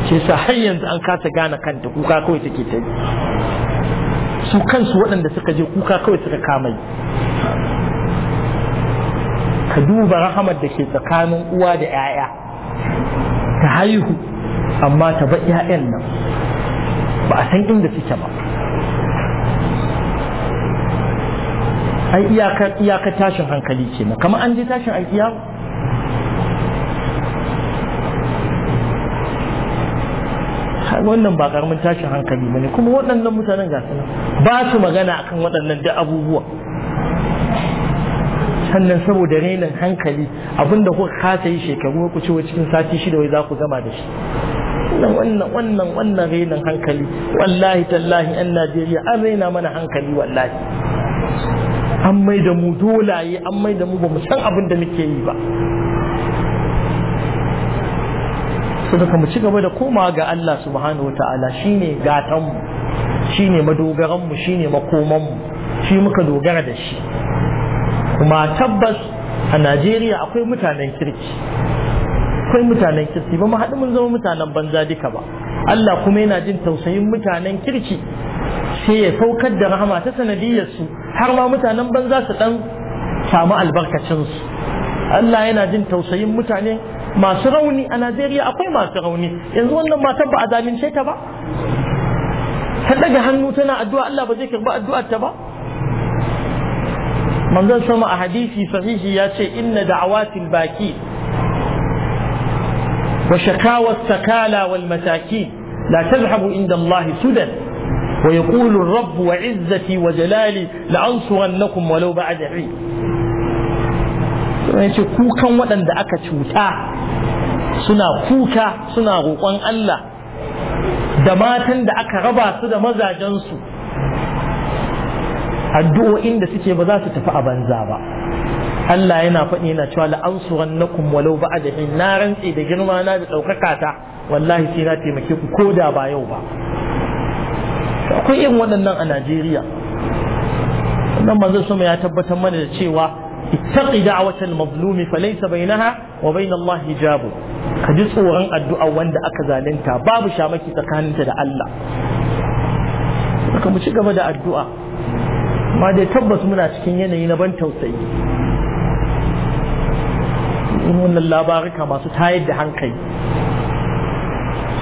A: ce sa har yanzu an kasa gane kanta kuka kawai take ta yi su kansu waɗanda suka je kuka kawai suka kamai ka duba rahamar da ke tsakanin uwa da 'ya'ya ta haihu amma ta ba 'ya'yan nan ba a san inda suke ba ai iyakar tashin hankali ce na kamar an je tashin alkiyama wannan ba karamin tashin hankali bane kuma waɗannan mutanen ga su ba su magana akan waɗannan da abubuwa sannan saboda renin hankali abinda kuka kasa yi shekaru ku ce cikin sati shida wai za ku gama da shi wannan wannan wannan renin hankali wallahi tallahi yan Najeriya an raina mana hankali wallahi an mai da mu dolaye an mai da mu ba mu san abin da muke yi ba saboda mu ci gaba da koma ga Allah subhanahu wataala shine gatan mu shine madogaran mu shine makoman mu shi muka dogara da shi kuma tabbas a Najeriya akwai mutanen kirki akwai mutanen kirki ba mu haɗu mun zama mutanen banza duka ba Allah kuma yana jin tausayin mutanen kirki sai ya saukar da rahama ta sanadiyar su har ma mutanen banza su dan samu albarkacin su Allah yana jin tausayin mutane masu rauni a Najeriya akwai masu rauni yanzu wannan matan ba a zalunce ta ba ta daga hannu tana addu'a Allah ba zai karba addu'ar ta ba manzon sama a hadisi sahihi ya ce inna da'awatil baki wa shakawa sakala wal mataki la tazhabu inda Allah sudan wa yaqulu ar-rabb ويقول wa وعزتي وجلالي لأنصرنكم ولو walau ba'da yace kukan waɗanda aka cuta suna kuka suna roƙon Allah da matan da aka raba su da mazajensu addu'o'in da suke ba za su tafi a banza ba Allah yana faɗi yana cewa la'ansuran na walau ba da na rantse da girma na da ɗaukaka ta wallahi sai na taimake ku ko da ba yau ba akwai irin waɗannan a Najeriya wannan manzo sama ya tabbatar mana da cewa ittaqi da'watal mazlumi falaysa bainaha wa bain Allah ka ji tsoron addu'a wanda aka zalunta babu shamaki tsakaninta da Allah haka mu gaba da addu'a ma tabbas muna cikin yanayi na ban tausayi wannan labarika masu tayar da hankali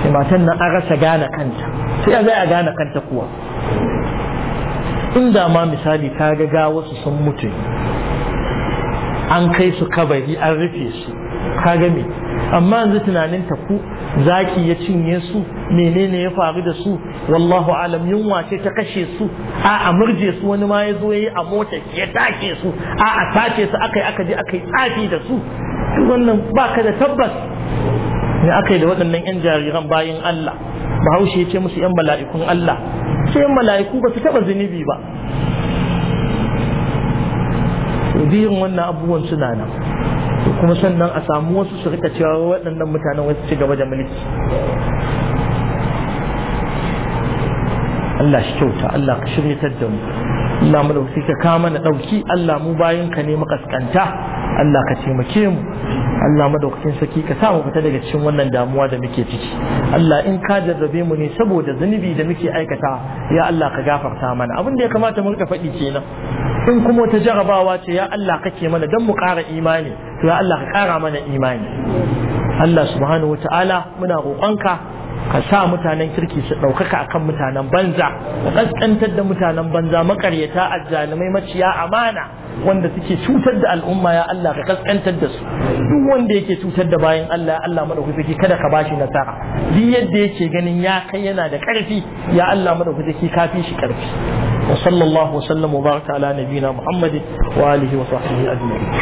A: sai matan nan an rasa gane kanta sai zai gane kanta kuwa inda ma misali ta ga wasu sun mutu an kai su kabari an rufe su kaga me amma yanzu tunanin ta ku zaki ya cinye su menene ya faru da su wallahu alam yunwa ce ta kashe su a a murje su wani ma ya zo ya yi a mota ya take su a a sace su akai aka je akai tsafi da su wannan baka da tabbas ne akai da waɗannan yan jariran bayin Allah bahaushe ya ce musu yan mala'ikun Allah sai yan mala'iku ba su taɓa zunubi ba biyun wannan abubuwan suna nan kuma sannan a samu wasu su rika cewa waɗannan mutanen wasu ci gaba da mulki Allah shi kyauta Allah ka ta da mu Allah mu dauki ka kama na dauki Allah mu bayan ka ne makaskanta Allah ka taimake mu Allah madaukakin saki ka sa mu fita daga cikin wannan damuwa da muke ciki Allah in ka jarrabe mu ne saboda zunubi da muke aikata ya Allah ka gafarta mana abin da ya kamata mu rika faɗi kenan in kuma ta jarabawa ce ya Allah kake mana dan mu ƙara imani to ya Allah ka ƙara mana imani Allah subhanahu wataala ta'ala muna roƙonka ka sa mutanen kirki su ɗaukaka akan mutanen banza ka ƙasƙantar da mutanen banza makaryata azzalumai maciya amana wanda suke cutar da al'umma ya Allah ka ƙasƙantar da su duk wanda yake cutar da bayan Allah Allah madaukaki kada ka bashi nasara duk yadda yake ganin ya kai yana da ƙarfi ya Allah madaukaki ka fi shi ƙarfi wa sallallahu wa sallam wa baraka ala nabiyina muhammadin wa alihi wa sahbihi ajma'in